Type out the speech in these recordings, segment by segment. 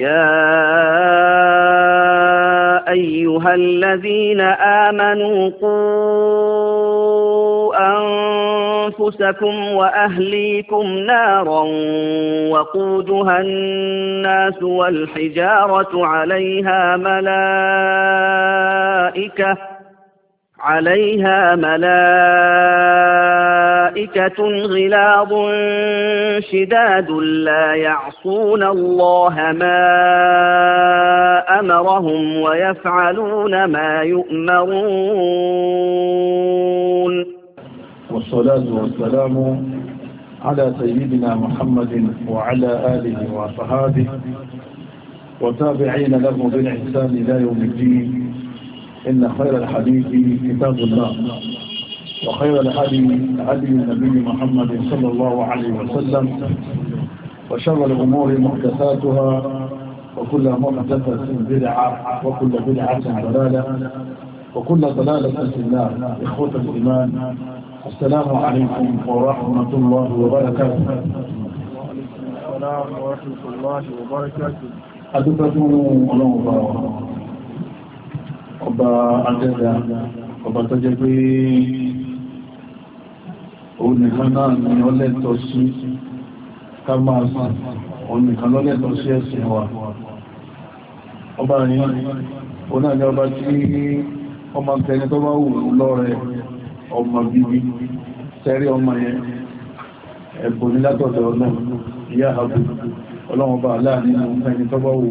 يا أيها الذين آمنوا قوا أنفسكم وأهليكم نارا وقودها الناس والحجارة عليها ملائكة عليها ملائكة غلاظ شداد لا يعصون الله ما أمرهم ويفعلون ما يؤمرون والصلاة والسلام على سيدنا محمد وعلى آله وصحابه وتابعين له بالإحسان إلى يوم الدين إن خير الحديث كتاب الله وخير الهدي هدي النبي محمد صلى الله عليه وسلم وشر الأمور محدثاتها وكل محدثة بدعة وكل بدعة ضلالة وكل ضلالة في النار إخوة الإيمان السلام عليكم ورحمة الله وبركاته وعليكم السلام ورحمة الله وبركاته أدبتم الله وبركاته ọba adẹ́dà ọba tó jẹ́ pé òun nìkan náà ni ó lẹ́tọ̀ sí ká máa sàn òun nìkan ló lẹ́tọ̀ sí ẹ̀sìn wa ọba yìí òun náà ni ọba tí ọmọ tẹni tó bá wù lọ́rẹ̀ ọmọ bíbí tẹ́rí ọmọ yẹn ẹ̀bùn ní látọ̀dọ̀ ọlọ́run ìyá àbù ọlọ́run ọba aláàrin ẹni tó bá wù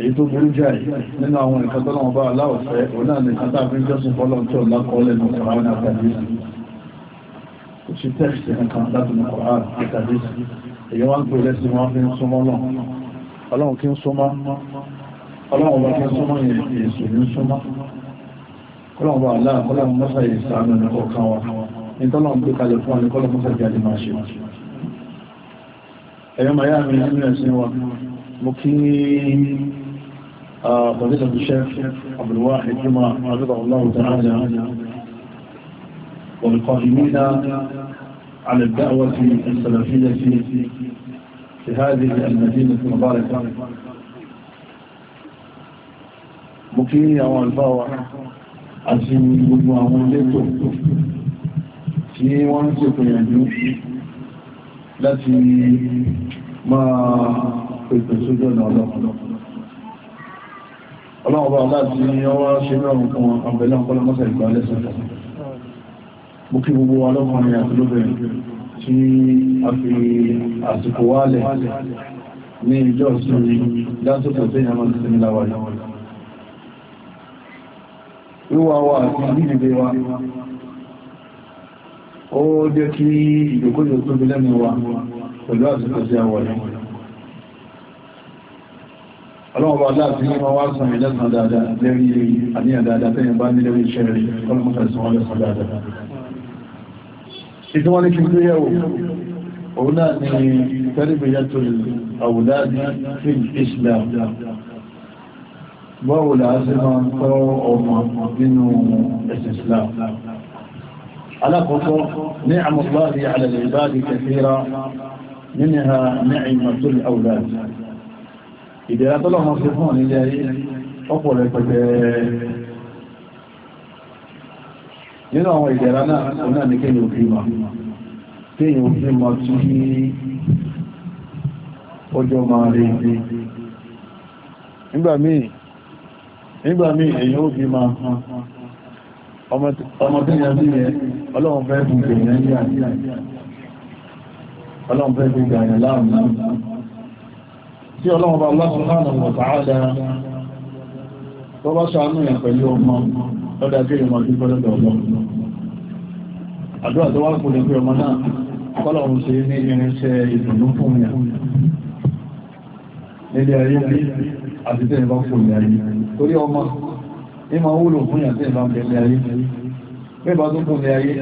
èyí tó burú jáì nínú àwọn ìkan tó lọ́wọ́ bá aláwọ̀fẹ́ oná ní kátà fi ń jọ́sùn fọ́lọ́n tí ó lákọọ́lẹ̀ ní ọ̀rán àtàdísì kò sí tẹ́ẹ̀sì kankan láti ní ọ̀rán àtàdísì èyí wá ń pè lẹ́sì wọ́n fi ń súnmọ́ náà ọlọ́run kí ń súnmọ́ ọlọ́run bá kí ń súnmọ́ èsù ní súnmọ́ ọlọ́run bá aláà ọlọ́run mọ́sà yìí sàánú ní ọkàn wa ní tọ́lọ́run gbé kalẹ̀ fún ọlọ́run mọ́sà jáde máa ṣe ẹ̀yọ́ màá yá mi nínú ẹ̀sìn wa mo kí فضيلة الشيخ عبد الواحد جمع رضا الله تعالى والقائمين على الدعوة السلفية في هذه المدينة المباركة مكينية والباوة أسين المعاملة في وانسة يعني التي ما في التسجل على الله ọlọ́ọ̀bá aláti ní ọwá ṣe mẹ́rùn fún àbẹ̀lẹ́ ọ̀pọ̀lọpọ̀sẹ̀ ìgbà lẹ́sẹ̀ mú kí gbogbo wa lọ́kùnrin àti lóbìnrin tí a fi àsìkò wálẹ̀ ní ìjọ ìsinmi lásìkò tí ìyàmọ̀ ìsinmi láwáyé wíwá wa àti ìdíje wa ó jẹ́ kí ìdókòjò tóbi lẹ́nu wa pẹ̀lú àsìkò tí a wáyé ọlọ́wọ́ aláàbí wọn wá sàn ìlẹ́sàn dáadáa lẹ́rí àníyàn dáadáa tẹ́yìn bá ní lẹ́rí iṣẹ́ rẹ̀ ọlọ́mọ́sàn ìlẹ́sàn dáadáa ìtí wọ́n ní kí ló yẹ̀wò òun náà ni tẹ́lẹ̀bìyàtò àwùdáàdì fi Islam báwo là á sí máa ń tọ́ ọmọ nínú ẹ̀sìn Islam alákọ̀ọ́kọ́ ní àmọ́láàrí alẹ́lẹ́bàdì kẹfẹ́ra nínú ha ìdẹ̀ra tọ́lọ̀ wọn sí fún nílẹ̀ ayé ọ̀pọ̀ rẹpẹtẹ nínú àwọn ìdẹ̀ra náà òun náà ní kéèyàn òfin mọ̀ kéèyàn òfin mọ̀ tí ọjọ́ máa rí nígbà míì nígbà èyàn ọmọ bí tí ọlọ́run bá lọ́sùn hánà wọ̀ tààdà tó bá ṣàánú yẹn pẹ̀lú ọmọ lọ́dá kí ìmọ̀ tí pẹ́lẹ́dọ̀ ọmọ àdúrà tó wá kò ní pé ọmọ náà kọ́lọ̀run ṣe ní irinṣẹ́ ìdùnnú fún yẹn nílé ayé bí àti tẹ́ ìbá fún ilé ayé torí ọmọ ní máa wúlò fún yàn tẹ́ ìbá ń bẹ̀lẹ̀ ayé bí ìbá tó fún ilé ayé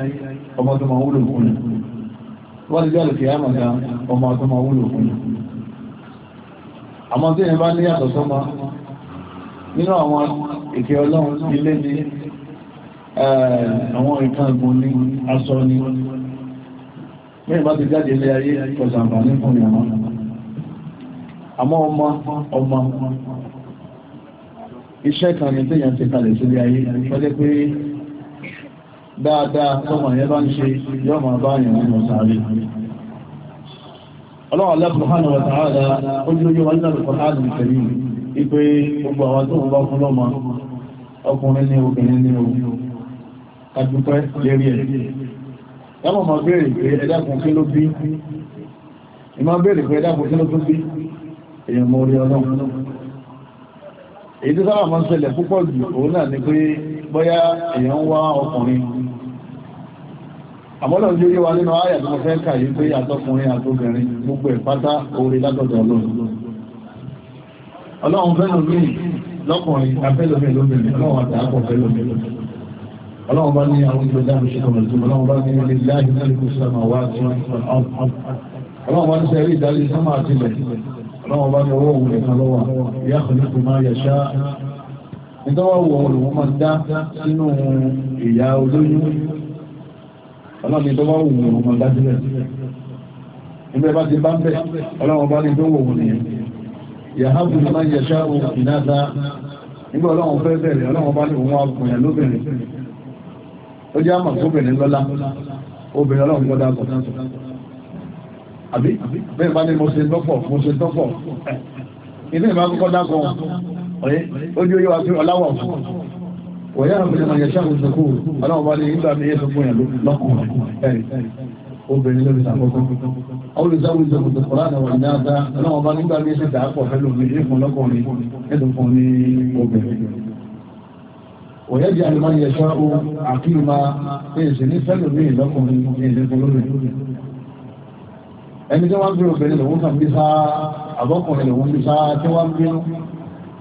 ọmọ tó máa wúlò fún yàn wọ́n ti jẹ́ àlùkìyàmọ̀ ọmọ tó máa wúlò fún yàn àmọ́ tí ẹ̀yìn bá ní yàtọ̀ sọ́mọ nínú àwọn ìkẹ́ ọlọ́run ilé ní eh, àwọn nǹkan gùn ní aṣọ ni mẹ́rin bá ti jáde ilé ayé ọ̀sàǹfà ní fún ìyàmọ́ àmọ́ ọmọ ọmọ iṣẹ́ kan ní tẹ́yàn ti kalẹ̀ sílé ayé pẹ́lẹ́ pé dáadáa tọ́mọ̀ yẹn bá ń ṣe yọ́ ọlọ́run aláàbùhánà wà tààdà ojúlójú wà nílẹ̀ ìfọ̀hánà ìfẹ̀lú ipé gbogbo àwọn tó ń bá fún lọ́mọ ọkùnrin ní obìnrin ní o àdúpẹ́ lérí ẹ̀ yàmọ̀ máa béèrè pé ẹ̀dàkùn kí ló bí ìmá béèrè pé ẹ̀dàkùn kí ló tó bí èèyàn ń ṣẹlẹ̀ púpọ̀ jù òun náà ni pé bóyá èèyàn ń wá ọkùnrin àmọ́lọ̀ ní orí wa nínú ayà náà fẹ́ kàyí pé àtọkùnrin àtobìnrin gbogbo ìpátá orí látọ̀dọ̀ ọlọ́run ọlọ́run fẹ́nu mí lọ́kùnrin afẹ́lómi lóbìnrin ọlọ́run àtàkùn fẹ́lómi ọlọ́run bá ní àwọn ìjọ dáàmù ṣe kọ̀mọ̀ tó ọlọ́run bá ní ilé láàrín náà kò sàmà wá tí wọ́n ọlọ́run bá ní sẹ́rí ìdálé sọ́mà àtìlẹ̀ ọlọ́run bá ní owó òun ẹ̀kan lọ́wọ́ ìyá kan nípò máa yẹ̀ṣá nítorí wọ́n wọ̀ olùwọ́n máa dá sínú ìyá olóyún ọlọ́run tó bá wù ní ọmọ dájúlẹ̀ ẹgbẹ́ bá ti bá ń bẹ̀ ọlọ́run bá ní tó wù ní yàhábù ní máa yẹ ṣáà òun ìnáta nígbà ọlọ́run fẹ́ bẹ̀rẹ̀ ọlọ́run bá ní òun àkùnyàn lóbìnrin ó jẹ́ àmà gómìnà lọ́lá obìnrin ọlọ́run gbọ́dá bọ̀ àbí bẹ́ẹ̀ bá ní mo ṣe tọ́pọ̀ mo ṣe tọ́pọ̀ ilé ìbá kọ́kọ́ dákọ̀ ọ̀yẹ́ ó jẹ́ yóò wá wọ̀yá àbìlẹ̀ máa yẹ̀ṣẹ́ àwọn ìṣẹ́kù aláwọ̀ bá ní ìgbà ní ẹ̀ṣẹ́ fún ìyàlú lọ́kùnrin ẹ̀rì obìnrin lórí sàkókò àwọn ìṣẹ́kù ìṣẹ́kù tó kọ́lá àwọn ìyáta aláwọ̀ bá nígbà ní ẹ̀ṣẹ́ dàápọ̀ fẹ́lú ní ìfún lọ́kùnrin ẹ̀dùn ìlọ́kùnrin ẹ̀ṣẹ́ fún ẹni tí wọ́n gbé obìnrin lòun kàn bí sáà àbọ́kùnrin lòun bí sáà tí wọ́n gbé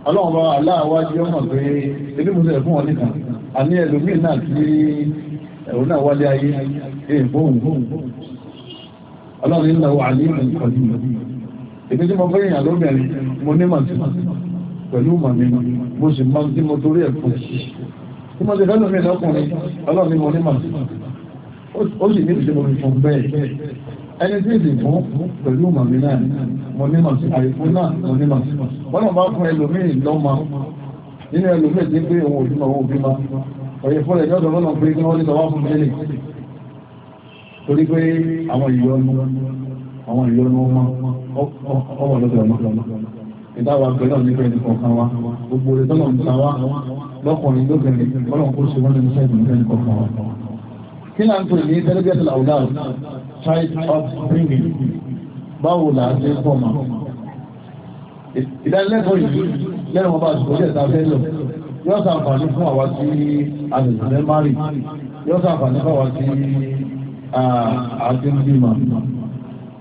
ọlọ́run bá aláàwájú ọmọ pé elémùsẹ̀ fún wọn nìkan àní ẹlòmíì náà tí ẹ̀rùn náà wálé ayé èèbóhùn ọlọ́run nílò àlímù ìkọ̀lù èmi tí mo fẹ́ èèyàn lóbìnrin mo ní màtí pẹ̀lú màmí mo sì máa tí mo torí ẹ̀ fún tí mo ti fẹ́ lómi lọ́kùnrin ọlọ́run ni mo ní màtí ó sì ní ìṣẹ́ mo fi fún ẹni tí ìdì fún pẹ̀lú màmí náà mo ní màmí àìkú náà mo ní màmí wọ́n náà bá fún ẹlòmíì lọ́mọ nínú ẹlòmíì tí pé òun òbí máa òbí máa ọ̀yẹ̀ fún ẹjọ́ ọ̀dọ́ náà pé kí wọ́n ní sọ wá fún mẹ́lì torí pé àwọn ìyọnu àwọn ìyọnu ọmọ lọ́dọ̀ ọ̀nà ìdáwà pẹ̀lú àwọn ìfẹ́ ẹni kọ̀ọ̀kan wa gbogbo ìtọ́nà ń ta wá lọ́kùnrin lóbìnrin kí náà ń pè ní tẹ́lẹ́gẹ́tì làwùdá child upbringing báwo là á ṣe ń fọ́mà ìdánilẹ́kọ̀ọ́ yìí lẹ́nu ọba àsìkò jẹ́ ìta fẹ́ lọ yóò sàǹfààní fún àwa tí àlùfẹ́ márì yóò sàǹfààní fún àwa tí àti ń bímọ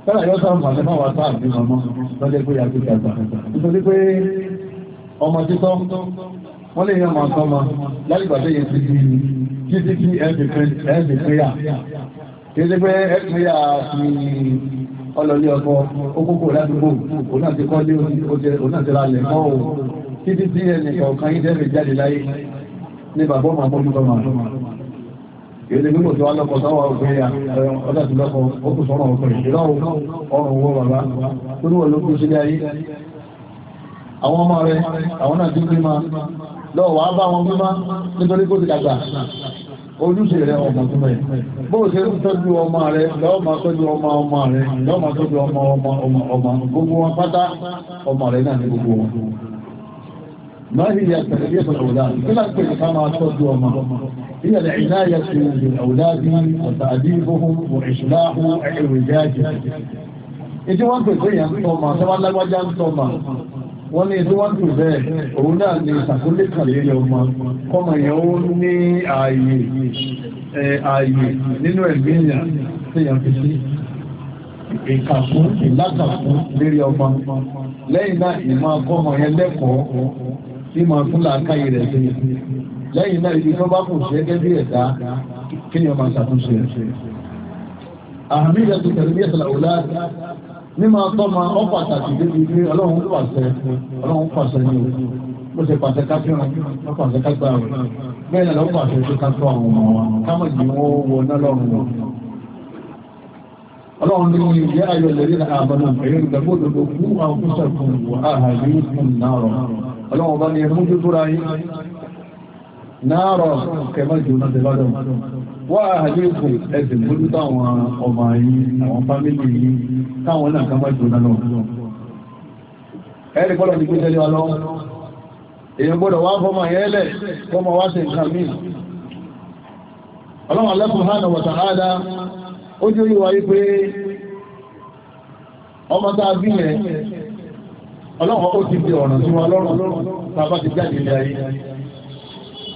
tẹ́lá yóò sàǹfààní fún àwa tá à ń bímọ mọ́ lọ́jọ́ pé àti ìjàgbá nítorí pé ọmọ títọ́ wọ́n lè yan màá sọ́mọ lálùbàdé yẹn ti di títí tí ẹ̀bì péyà kéde pé ẹ̀pẹ́yà fi ọlọ́lé ọkọ okókò ládùúgbò òun náà ti kọ́lé òun náà ti ra lẹ̀ mọ́ òun títí tí ẹnì kọ̀ọ̀kan yí dẹ́rẹ̀ jáde láyé ní bàbá ọmọ àpọ́jútọ́ máa kéde pé kò tó alọ́kọ̀ sáwọ́ ọgbẹ́yà ọjà tó lọ́kọ̀ ó kò sọ́rọ̀ ọkọ̀ ìṣẹ́lọ́ ọrùn wọ bàbá tó ní wọ́n ló kú sílé ayé àwọn ọmọ rẹ̀ àwọn náà ti gbé ma lọ́wọ́ wàá bá wọn gbé ma nítorí kó ti dàgbà ojúṣe rẹ̀ ọmọ tó mẹ́ bó ṣe ń tọ́jú ọmọ rẹ̀ lọ́ọ̀mà tọ́jú ọmọ ọmọ rẹ̀ lọ́ọ̀mà tọ́jú ọmọ ọmọ ọmọ gbogbo wọn pátá ọmọ rẹ̀ náà ní gbogbo wọn máàrí ya tẹ̀lẹ̀bí ẹ̀sọ̀ ọ̀dáàdì kí láti pẹ̀lú ká máa tọ́jú ọmọ ilẹ̀ ìlà wọ́n ní ètò wọ́n tún bẹ́ẹ̀ òun náà ní ìsàkólé kàlẹ́lẹ̀ ọmọ kọmọ èèyàn ó ní ààyè nínú ẹ̀mí èèyàn tí èèyàn fi sí ìkàkún ìlàkàkún lérí ọmọ lẹ́yìn náà ìmọ̀ akọ́mọ yẹn lẹ́kọ̀ọ́ tí máa tún làákàyè rẹ̀ sí lẹ́yìn náà ibi tó bá kù sí ẹgẹ́ bí ẹ̀dá kí ni ọmọ àṣàtúnṣe àmì ìyàtọ̀ tẹ̀lé ní máa tọ́ ma ọ́ pàtàkì débi pé ọlọ́run pàṣẹ ọlọ́run pàṣẹ ní o bó ṣe pàṣẹ káfíran ló pàṣẹ kágbá rẹ bẹ́ẹ̀ ni lọ́ọ́ pàṣẹ tó ká tó àwọn ọmọ wa káwọn jì wọ́n wọ náà lọ́rùn wọn. ọlọ́run ní ìlú yẹ ayọ̀ lórí àbọ̀nà pẹ̀lú ìgbàgbọ́ òdodo fún àwọn kúṣẹ̀kùn wà áhà yìí fún náàrọ̀ ọlọ́run bá ní ẹmú tó tóra yìí náàrọ̀ kẹmọ́ wá àdéhùn ẹ̀sìn tó ní táwọn ọmọ yìí àwọn fámílì yìí táwọn náà kan bá jóná lọ. ẹ̀rì gbọ́dọ̀ ní pé tẹ́lẹ̀ wa lọ èèyàn gbọ́dọ̀ wá fọmọ yẹn lẹ̀ fọmọ wá sí nǹkan míì. ọlọ́run Allah subhanahu wa ta'ala ó jẹ́ yíwa yí pé ọmọ tá a bí yẹn ọlọ́run ó ti di ọ̀ràn sí wa lọ́rùn tá a bá ti jáde ilé ayé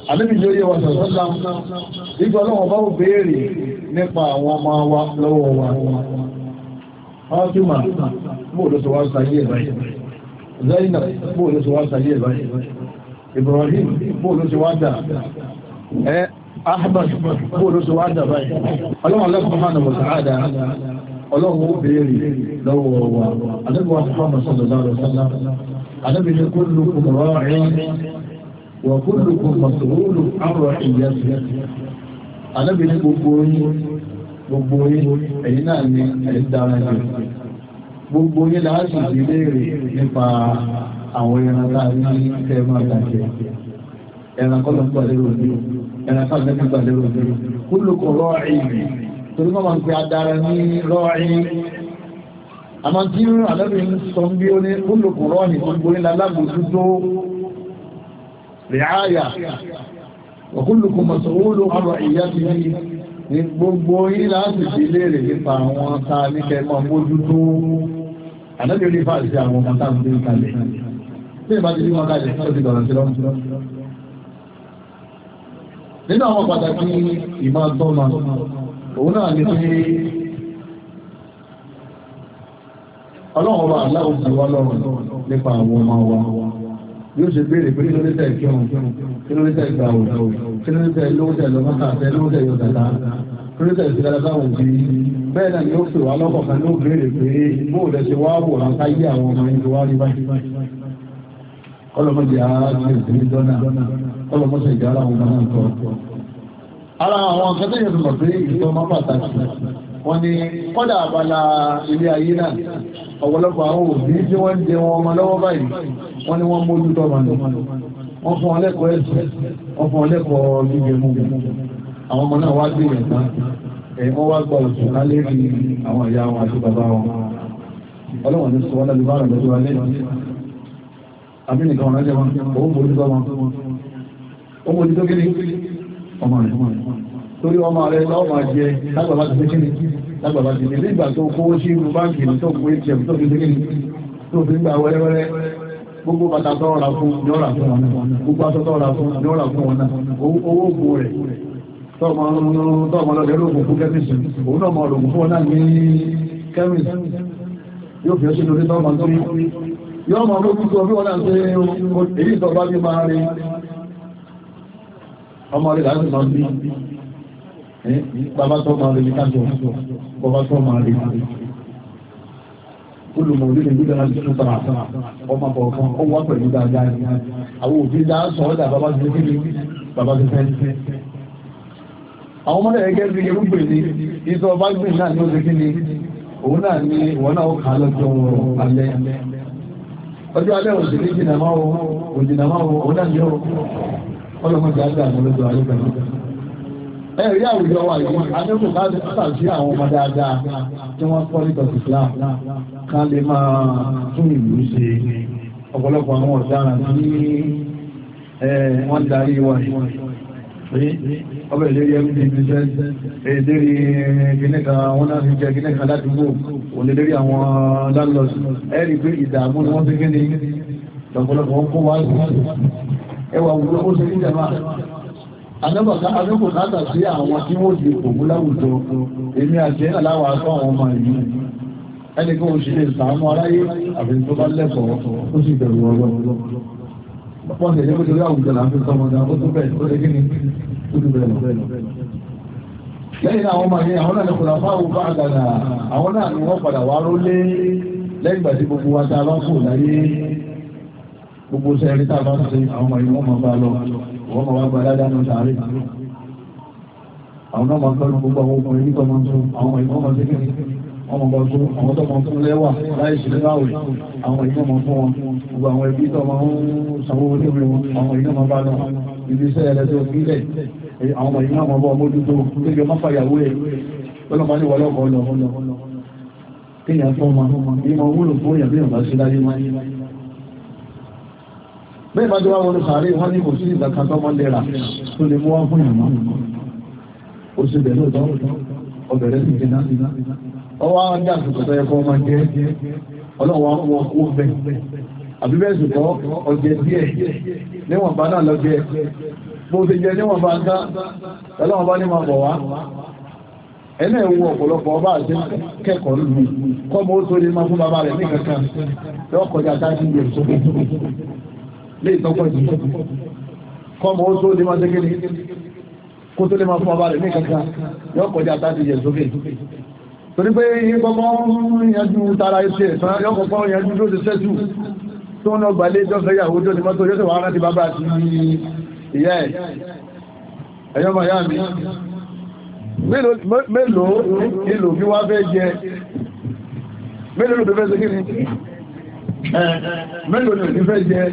àníbi yóò yẹ wa sọ̀rọ̀sọ́lá nígbà ọlọ́wọ́ bá wò béèrè nípa àwọn ọmọ wa lọ́wọ́ wa ọ́túmà bó ló sọ wá sáyé báyìí Zainab bó ló sọ wá sáyé báyìí Ibrahim bó ló sọ wá dà ẹ Ahmad bó ló sọ wá dà báyìí ọlọ́wọ́ lẹ́kọ̀ọ́ hàn mọ̀ وكلكم مسؤول عن رعيته Ànábì ní gbogbo yín gbogbo yín ẹ̀yin náà ni ẹ̀yin dára jù gbogbo yín láti sì léèrè nípa àwọn ẹran láàrin ní kẹ́ máa dàjẹ́ ẹran kọ́lọ̀ ń gbàlérò ní ẹran kọ́lọ̀ ń gbàlérò ní kúlùkọ̀ rọ́ọ̀rì torí wọ́n máa ń pe adára ní rọ́ọ̀rì àmọ́ tí Ànábì sọ bí ó ní kúlùkọ̀ rọ́ọ̀rì gbogbo rìáyà ọ̀kúlùkù mọ̀sọ̀wọ́lù ọ̀rọ̀ ìyá ti rí ní gbogbo yìí láti fi léèrè nípa àwọn ta ní kẹmọ́ mójú tó àdájọ́ ní fàájì sí àwọn ọmọ táà ń gbé kalẹ̀ tí ìbá ti rí wọn kalẹ̀ tó ti dọ̀rọ̀ sí lọ́mù nínú àwọn pàtàkì ìmọ̀ tọ́mà òun náà ní pé ọlọ́run ọba aláwọ̀ sí wa lọ́rùn nípa àwọn ọmọ wa yóò ṣe béèrè pé kílódé tẹ̀ kí ọ̀hún kílódé tẹ̀ gbà òun kílódé tẹ̀ lówó tẹ̀ lọ́mọ́ tà tẹ̀ lówó tẹ̀ yọ tàtà kílódé tẹ̀ sí dáadáa òun bí bẹ́ẹ̀ náà ni ó pè wá lọ́kọ̀ọ̀kan ló béèrè pé bó lẹ ṣe wá wò láńká yé àwọn ọmọ yẹn wá rí báyìí ọlọ́mọdé ààrẹ ìdílé dọ́nà ọlọ́mọdé ìdára àwọn ọmọ nǹkan ara àwọn akẹ́kẹ́ yẹn fi ọ̀pọ̀lọpọ̀ àwọn òbí tí wọ́n jẹ wọn ọmọ lọ́wọ́ báyìí wọ́n ni wọ́n mójú tọ́ màá wọ́n fún ọlẹ́kọ̀ọ́ ẹ̀sùn wọ́n fún ọlẹ́kọ̀ọ́ gbígbé mú àwọn ọmọ náà wá gbé yẹn tán ẹ̀yìn wọ́n wá gbọ́ ọ̀sùn lálẹ́ rí àwọn ìyá wọn àti bàbá wọn ọlọ́wọ̀n ní sọ wọ́n lálẹ́ bára lọ́jọ́ alẹ́ àbí nìkan wọn lọ́jọ́ wọn ó mójú tọ́ wọn ó mójú tó kí ni ọmọ rẹ̀ torí ọmọ rẹ̀ lọ́wọ́ máa jẹ lágbàlá lágbàbà ti nílé ìgbà tó kówó sí irú báńkì tó kó atm tó fi gbé tó fi gbà wẹ́rẹ́wẹ́rẹ́ gbogbo bàtà tó ọ̀rà fún ní ọ̀rà fún wọn gbogbo aṣọ tó ọ̀rà fún ní ọ̀rà fún wọn owó ògbó rẹ̀ tọ́ọ̀mọ́ lọ́dẹ̀ lóògùn fún kẹ́mìsì òun náà mọ̀ lògùn fún ọ náà ní kẹ́mìsì yóò fi ọṣẹ́ lórí tọ́ọ̀mọ́ tó rí yọ́ mọ̀ lókùn tó bí wọ́n náà ṣe èyí ìtọ́gbá bí máa rí ọmọ rẹ̀ láti máa bí Eh? bàbá tó máa lè kájọ bàbá tó máa lè olùmọ̀ orílẹ̀ ìlú dára sínú tàrà ọmọ kọ̀ọ̀kan ó wá pẹ̀lú dáadáa ni àwọn òbí dá sọ ọ́dà bàbá ti fi ní bàbá ti fẹ́ àwọn ọmọdé ẹgẹ́ bí irúgbè ní ìtọ́ ọba gbìn ni òun náà ní ìwọ̀n náà ó kà á lọ́jọ́ alẹ́ ọjọ́ alẹ́ òsì ní jìnnà máa wo òjìnnà máa wo òun náà ní ó ẹ̀rí àwùjọ wa yìí adébù láti pàtàkì àwọn ọmọ dáadáa tí wọ́n kọ́ ní tọ́sí Islam ká lè máa tún ìlú ṣe ọ̀pọ̀lọpọ̀ àwọn ọ̀daràn tí wọ́n darí wa yìí ọbẹ̀ ìlérí mdp jẹ́ ìlérí gínẹ́ka wọn náà fi jẹ gínẹ́ka ládùúgbò òlélérí àwọn landlords ẹ̀rí pé ìdààmú ni wọ́n fi gíní ọ̀pọ̀lọpọ̀ wọn kó wá ẹwà òwúrọ̀ ó ṣe ní jàmáà Adébùkátà sí àwọn tí wọ́n di òkú láwùjọ, èmi àti aláwọ̀ asọ́ àwọn ọmọ ìlú. Ẹni kí wọ́n ṣe lè sàánú aráyé àbí tó bá lẹ́kọ̀ọ́ tó sì bẹ̀rù ọlọ́run. Wọ́n tẹ̀lé kó torí àwùjọ làá fi sọmọdé, ó tún bẹ̀rẹ̀ tó lé kí ni tó tún bẹ̀rẹ̀ lọ. Lẹ́yìn àwọn ọmọ yẹn, àwọn náà ni kò lọ fáwọn bá àgàgà, àwọn náà ni wọ́n padà wá rólé lẹ́yìn ìgbà tí gbogbo wa ta bá kù láyé gbogbo sẹ́yìn tá a bá ń ṣe wọ́n máa wá gba dáadáa náà sàárè àwọn náà máa gbọ́nà gbogbo àwọn ọkùnrin nípa máa ń tún àwọn ìmọ̀ máa ṣe kéde wọ́n máa tún àwọn tó máa tún lẹ́wà láì sí láwẹ̀ àwọn ìmọ̀ máa fún wọn gbogbo àwọn ẹbí tó máa ń sanwó oníwèé wọn àwọn ìmọ̀ máa bá lọ ibi iṣẹ́ ẹlẹ́tọ́ ìpínlẹ̀ àwọn ìmọ̀ máa bọ́ mójútó lójú ọmọ fàyàwó ẹ̀ lọ́nà máa ní wọlé ọkọ̀ lọ bẹ́ẹ̀ bá jọ wọn sàárè wọ́n ní kò sí ìdàkà tó máa lẹ́ra tó lè mú wá fún ìyàmá ó sì bẹ̀rẹ̀ lóòótọ́ ọbẹ̀rẹ̀ sì jẹ́ náà ọwọ́ àwọn ajá àtúntò tó yẹ jẹ́ ọlọ́wọ́ bẹ́ẹ̀ kọ́ ọjẹ́ díẹ̀ níwọ̀n bá náà lọ́jẹ́ ti jẹ níwọ̀n bá ká bá ní máa bọ̀ ọba àti kẹ́kọ̀ọ́ tó lè máa fún bàbá rẹ̀ ní kankan lè tọ́pọ̀ jù kọmọ ó tó lè máa jẹ́gẹ́ ní kó tó lè máa fún ọba rẹ̀ ní kankan yọ kọjá tàbí yẹ sókè torí pé ìgbọ́gbọ́ yanjú tara iṣẹ́ ẹ̀sán yọ kọ̀kọ́ yanjú tó ti sẹ́jù tó ń ọgbà lé jọ́fẹ́ yàwó tó ti mọ́tò yọ́sẹ̀ wàhánà ti bàbá àti mẹ́lò ní òní fẹ́ jẹ́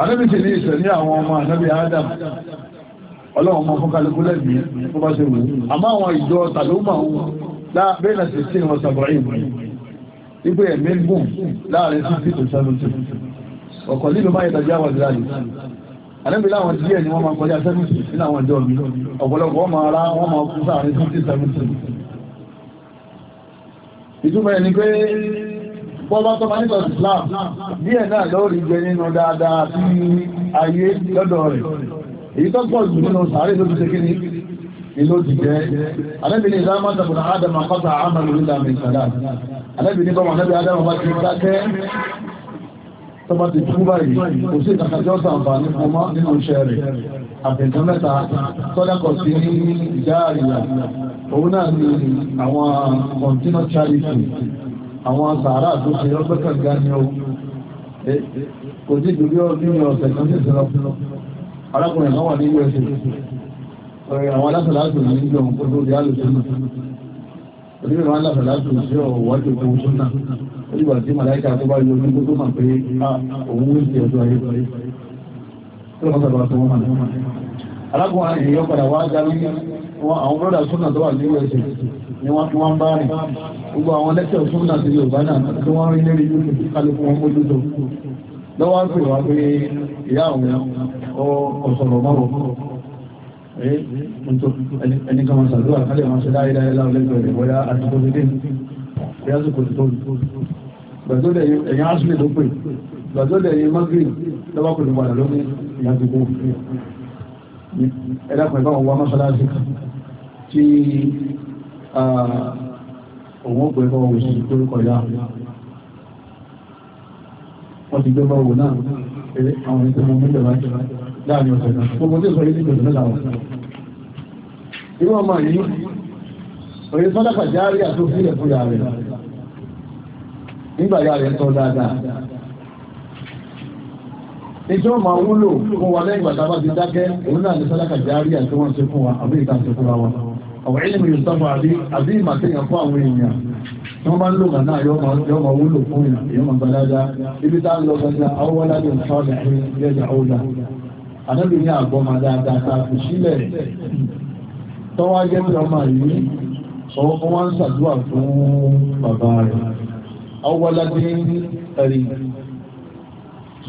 anábìsì ní ìṣẹ̀ ní àwọn ọmọ anábì Adam ọlọ́run ọmọ fún kálukú lẹ́bí tó bá ṣe wù àmọ́ àwọn ìjọ tàlómà wọn láàbẹ́ náà sì sí ìwọ̀n sàbọ̀rẹ́ ìwọ̀n ipò ẹ̀mí gùn láàrin sí sí ìtòsánútì ọ̀kọ̀ nínú máa ìtajà wà láàrin anábì láwọn díẹ̀ ni wọ́n máa kọjá sẹ́mìtì nínú àwọn ìjọ mi ọ̀pọ̀lọpọ̀ wọ́n máa rá wọ́n máa kú ìtumọ̀ ẹni pé bọ́bá tó máa nílò Islam díẹ̀ náà lórí jẹ nínú dáadáa sí ayé lọ́dọ̀ rẹ̀ èyí tó pọ̀ jù nínú sàárè ló ti ṣe kí ni ìlú ti jẹ́ alẹ́bìnrin ìlàmọ́ tàbùnà Ádámù akọ́ta àmàlù ìlàmì ìsàdá alẹ́bìnrin bọ́mọ̀ alẹ́bì Ádámù bá ti dákẹ́ tó bá ti tú báyìí kò sí ìtàkàjọ́ sàǹfà ní ọmọ nínú iṣẹ́ rẹ̀ àfẹ́jọ́ mẹ́ta tọ́lẹ́kọ̀ọ́ sí ní ìjà àríyá òun náà ni àwọn kọ̀ntínà charity àwọn sàárà tó ṣe lọ́gbẹ́kànga ni ó kò sí ìdúrí ọdún ní ọ̀sẹ̀ kan sí ìṣẹ́lọ arákùnrin kan wà ní ilé ẹ̀sẹ̀ àwọn aláfẹ̀láàtò ní ìjọ òǹkótó di alùsùnà onímọ̀ àwọn aláfẹ̀láàtò sí ọ̀wọ́dì òkú súnà onígbà tí màláìka tó bá yọ ní gbogbo mà pé ah, òun ń ṣe ọjọ́ ayé tó lọ́sọ̀rọ̀ àtọwọ́mà arákùnrin yìí yọ padà wá àwọn brọ́dà súnà tó wà ní USA ni wọ́n bá rìn gbogbo àwọn lẹ́tọ̀ súnà ti Yorùbá náà tí wọ́n rí lérí YouTube kálukú wọn mójú tó lọ́wọ́ pè wá pé ìyá àwọn ọ̀sọ̀rọ̀ mọ́rọ̀ ẹni kan sàdúrà kálẹ̀ wọn ṣe láyé láyé wọ́yá àtúntò ẹ̀dá pẹ̀lú kan tí òun pẹ̀lú ọmọ tó kọjá wọ́n ti gbé bá náà pé àwọn ètò ọmọ mẹ́jọ láàrin ọ̀sẹ̀ náà gbogbo tí ó sọ yé nígbà mẹ́ta wọn. irú ọmọ ìjọ ma wúlò fún wa lẹ́yìn bàtà bá ti dákẹ́ òun náà ní sàdákà járí àti wọ́n ṣe fún wa àbí ìta ṣe fúnra wa àwọn ìlú yóò sábà àbí àbí fún àwọn èèyàn tí wọ́n bá lò náà ma wúlò fún yàn yóò ma gbàdájá ibi tá lọ àwọn ní àgbọ̀ ma dáadáa ta fi sílẹ̀ tọ́wọ́ jẹ́ pé ọmọ yìí ọwọ́ wọn ń ṣàdúrà fún bàbá rẹ̀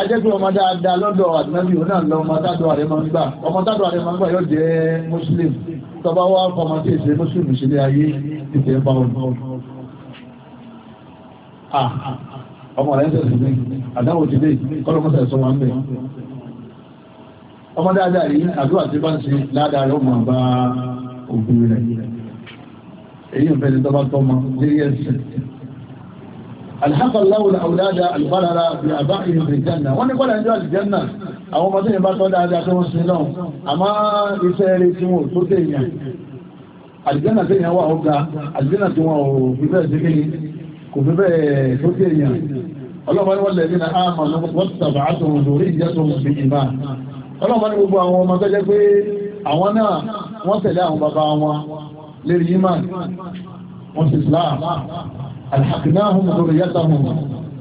ajẹ́gbẹ́ ọmọ dáadáa lọ́dọ̀ àdínábì òun náà lọ ọmọ tádọ̀ àrẹ máa ń gbà ọmọ tádọ̀ àrẹ máa ń gbà yóò jẹ́ muslim tọba wá fọmọ tí èsè muslim ìṣẹ̀lẹ̀ ayé ìfẹ́ bá wọn ọmọ rẹ̀ ń tẹ̀sí ní àdáwò ti dé kọ́lọ́ mọ́sà ẹ̀sọ́ wọn bẹ̀ ọmọ dáadáa yìí àdúrà tí bá ń ṣe ládàá yóò máa bá òbí rẹ̀ èyí ń alhakallahu al'aulada albarara bi abáyé aljanna wọ́n ní kọ́lá ìjọ aljanna àwọn ọmọdé yẹn bá tọ́ dáadáa tó wọ́n sin náà àmá iṣẹ́ eré tí wọ́n tó tẹ̀ yẹn aljanna tẹ̀ yẹn wà ó ga aljanna tí wọ́n ò fi bẹ́ẹ̀ sí kíni kò fi bẹ́ẹ̀ tó tẹ̀ yẹn ọlọ́wọ́n wọ́n lẹ́bí na áàmà wọ́n tàbà átùn lórí ìjẹ́tùn sí ìmá ọlọ́wọ́n ní gbogbo àwọn ọmọ tẹ́jẹ́ pé àwọn náà wọ́n tẹ̀lé àwọn bàbá wọn lérí ìmá wọ́n sì Islam alhakinahum zuriyatahum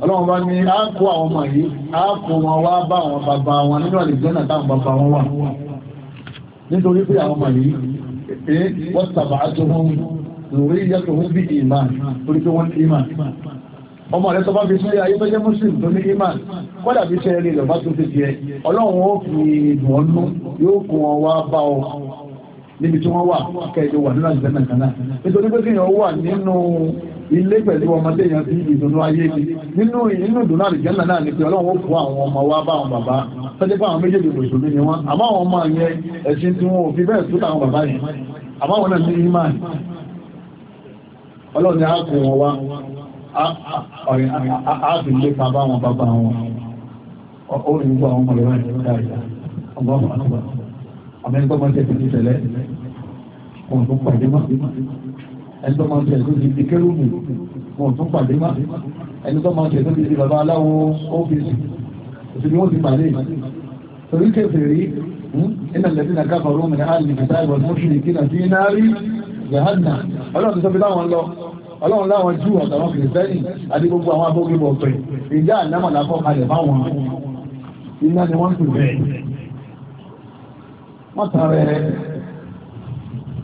ọlọ́run bá ní á kó àwọn ọmọ yìí á kó wọn wá bá àwọn bàbá wọn nínú àlìjọ́nà táwọn bàbá wọn wà nítorí pé àwọn ọmọ yìí pé wọ́n tàbà àtúnhún lórí yàtọ̀hún bí ìmá torí pé wọ́n ìmá ọmọ rẹ̀ tọba fi sílé ayé tọ́jẹ́ muslim tó ní ìmá kọ́dà fi sẹ́ẹ̀rì rẹ̀ bá tún ti jẹ ọlọ́run ó fi dùn ọ́nú yóò kó wọn wá bá ọ níbi tí wọ́n wà kẹ́ẹ̀dọ̀ wà nínú àjẹ́mẹ̀ kan náà nítorí pé kí ilé pẹ̀lú ọmọdé yẹn bí ìdùnnú ayé ni nínú inú ìdùnnú àdìjẹ́là náà ni pé ọlọ́run ó fún àwọn ọmọ wa bá àwọn bàbá tọ́jú pé àwọn méjèèjì mùsùlùmí ni wọ́n àmọ́ àwọn ọmọ yẹn ẹ̀sìn tí wọn ò fi bẹ́ẹ̀ tó àwọn bàbá yẹn àmọ́ àwọn náà ní imán ọlọ́run ni a kò wọn wá a fi lé pa bá àwọn bàbá wọn ó rí gbogbo àwọn ọmọ rẹ̀ wáyé dáadáa ọgbọ́n ẹni tó máa ń tẹ̀sùn ti di kérúbù wọn tún pàdé má ẹni tó máa ń tẹ̀sùn ti di bàbá aláwo ọ́fíìsì òṣèlú wọn ti pàdé torí kèfèrí iná lẹ́bí na káfà rómi ní àlè kìtà ìwọ̀n tó ṣe kí náà sí iná rí jahanna ọlọ́run tó fi láwọn lọ ọlọ́run láwọn jù àtàwọn kìrìsẹ́nì àti gbogbo àwọn abógbébọ̀ pẹ̀ ìjà àdámà láfọ́ kalẹ̀ fáwọn iná ni wọ́n ń pè bẹ́ẹ̀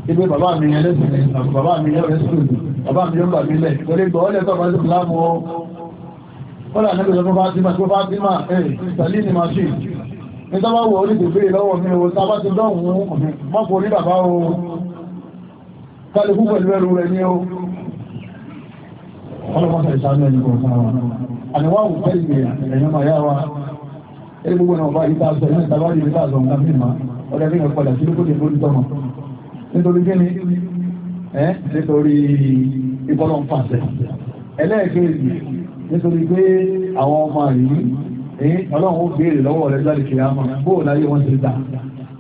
ilé bàbá mi ẹlẹ́sìn bàbá mi ẹlẹ́sìn bàbá mi yóò bà mí lẹ̀ torí gbọ́ ọ́lẹ́ tó bá sí láàmú ọ́ ọ́là níbi ìjọba bá ti máa tó bá ti máa ẹ̀ ìtàlí ni máa ṣe ní sábà wọ orí ìgbé lọ́wọ́ mi o sábà ti dọ́hùn mọ́kù orí bàbá o kálukú pẹ̀lú ẹrù rẹ̀ ní o ọlọ́pàá ìṣàánú ẹni kọ̀ọ̀kan wa àníwá wù fẹ́ ìgbé ẹ̀yàn máa yá wa ẹni gbogbo náà bá ìta sọ ìta bá ìta sọ nǹkan fìmá ọ̀rẹ́ ní ẹ̀kọ́ nítorí kí ni ẹ́ nítorí ìbọ́lọ̀ ń pàṣẹ ẹlẹ́ẹ̀kejì nítorí pé àwọn ọmọ yìí ẹ̀yìn ọlọ́run ó béèrè lọ́wọ́ rẹ̀ jáde kìí àmọ́ bóò láyé wọ́n ti dà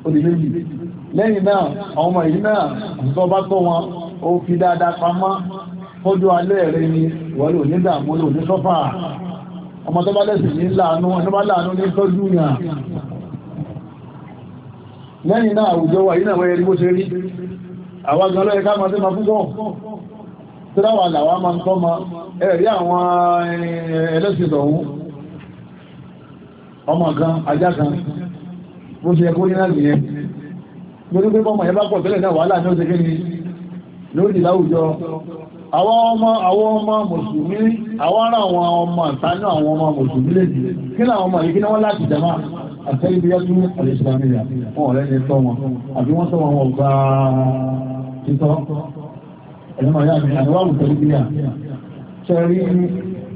ó di méjì lẹ́yìn náà àwọn ọmọ yìí náà àtúntọ́ bá tọ́ wọn ó fi dáadáa pamọ́ fọ́jú alẹ́ rẹ̀ ni wọ́n lò ní dààmú lò ní sọ́fà ọmọ tó bá lẹ́sìn ní láàánú ẹni bá láàánú ní tọ́jú yàn lẹ́yìn náà àwùjọ wà yínà wẹ́rẹ́ bó ṣe rí àwọn agbọ́nlọ́ ẹ̀ká máa tí ma fún gọ́ọ̀ tí láwà làwà máa ń tọ́ ma ẹ̀rí àwọn eh, ẹlẹ́sìtọ̀hún ọmọ kan ajá kan bó ṣe ẹkó yínà nìyẹn lórí pé bọ́mọ̀ ẹbá pọ̀ tẹ́lẹ̀ náà wàhálà ní ó ṣe kí ni lórí láwùjọ àwọn ọmọ àwọn ọmọ mùsùlùmí àwọn ará àwọn ọmọ àtánú àwọn ọmọ mùsùlùmí lè kí ni ọmọ yìí láti jẹ àtẹ́lẹ́bíyájú àlẹ́sìlámíyà wọn ọ̀rẹ́ ní tọ́ wọn àbí wọ́n tọ́ wọn wọ́n gba títọ́ ẹ̀lẹ́mọ̀ yá mi àníwá wù tẹ́lẹ́bíyà ṣẹ́rí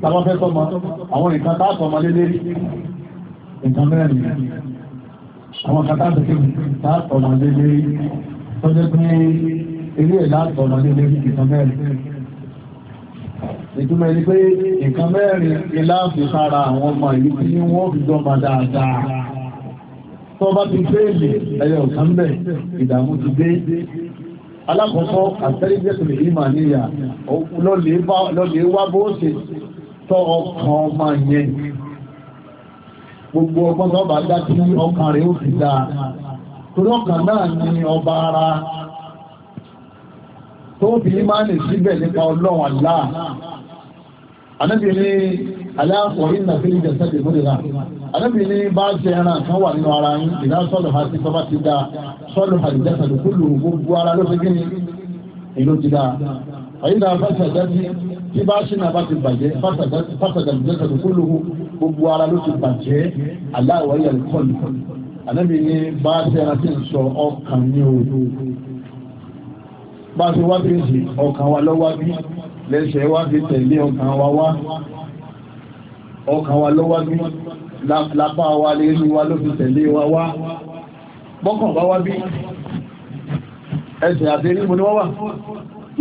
tàbáfẹ́ tọ́mọ àwọn nǹkan tá tọ́mọ lélé nǹkan mẹ́rin àwọn nǹkan tá tọ́mọ tá tọ́mọ lélé tọ́jẹ́ pé ilé ẹ̀ látọ̀mọ lélé nǹkan mẹ́rin ìtumọ̀ ẹni pé nǹkan mẹ́rin ni láàfin sára àwọn ọmọ ìlú tí wọ́n fi jọ tó bá ti fẹ́ẹ̀lì ẹyọ ọ̀kan bẹ̀ ìdààmú ti dé alákọ̀ọ́kọ́ àtẹ́rẹ́gbẹ̀tò lè máa níyà lọ́lẹ̀ wá bó ṣe tọ́ ọkàn ọmọ yẹn gbogbo ọgbọ́n tó bá dá sí ọkàn rẹ̀ ó fi dáa ara tó aláàfọ̀ iná fi jẹ sẹ́dẹ̀ múlẹ̀ra alábìíní bá jẹ ẹran kan wà nínú ara yín ìdá sọ́lù ha ti sọ́bá ti dáa sọ́lù ha ìjẹ́ sẹ́dẹ̀ kúlù gbogbo ara ló fi gíní ìlú ti dáa ọ̀yídà fásitì tí bá ṣínà bá ti bàjẹ́ fásitì ìjẹ́ sẹ́dẹ̀ kúlù gbogbo ara ló ti bàjẹ́ aláwọ̀ yẹ kọlù alábìíní bá jẹ ẹran tí ń sọ ọkàn ní odò bá ti wá bí ọkàn wa lọ́wọ́ bí lẹ́sẹ̀ wá fi tẹ̀lé ọkàn wa wá ọkàn wa ló wájú lápá wa lè rí wa ló fi tẹ̀lé wa wá bọ́kàn bá wá bí ẹsẹ̀ àti erígbò ni wọ́n wà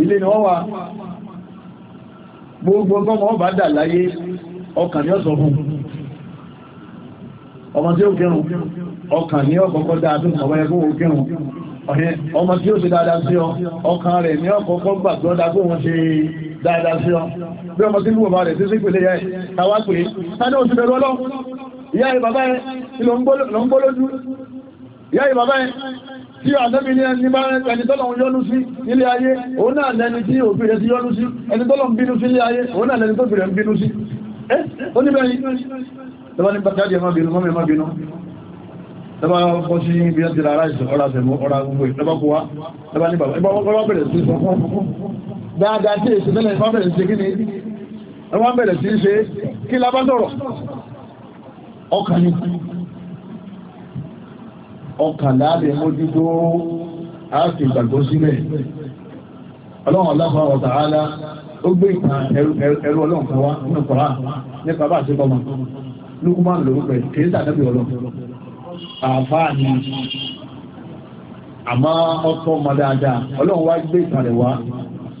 ilé ni wọ́n wà gbogbo ọmọ ọba dà láyé ọkàn ni ó sọ fún ọmọ tí ó kírun ọkàn ni ọkọ̀ọ̀kọ́ dáa tó ọkàn rẹ̀ ni ọkọ̀ọ̀kọ́ gbàgbọ́ dáa ṣe dáadáa sí wọn bí ọmọ tí ń bú bàbá rẹ̀ tí sí ìpele yẹ́ tàwà pé tánà òsì bẹ̀rù ọlọ́ ìyá ì bàbá ẹ̀ tí lọ ń gbó lójú ìyá ì bàbá ẹ̀ tí àdẹ́bì ní ẹni bá ẹni tọ́lọ̀ ń yọ́nú sí ilé ayé òun náà lẹni tí òbí rẹ̀ ti yọ́nú sí ẹni tọ́lọ̀ ń bínú sí ilé ayé òun náà lẹni tó bìrẹ̀ ń bínú sí ẹ́ ó ní bẹ́yìn lọ́wọ́ ní bàtàdì ẹmọ́ bínú mọ́mí ẹmọ́ bínú lọ́bá bọ́ sí ibi ẹ́ ti ra ara ìsọ̀ ọ̀rà sẹ̀mọ́ ọ̀rà dáadáa tí èsì mẹ́lẹ̀ ìfọ́n bẹ̀rẹ̀ sí kíni ẹwọ́n bẹ̀rẹ̀ sí ṣe kí lábá sọ̀rọ̀ ni ọkà láàrin mójútó a sì sílẹ̀ ọlọ́run aláfàá ọ̀tà ààlá ó gbé ìtàn ẹrú ọlọ́run kan nípa bá àti ọkọ̀ dáadáa ọlọ́run wá gbé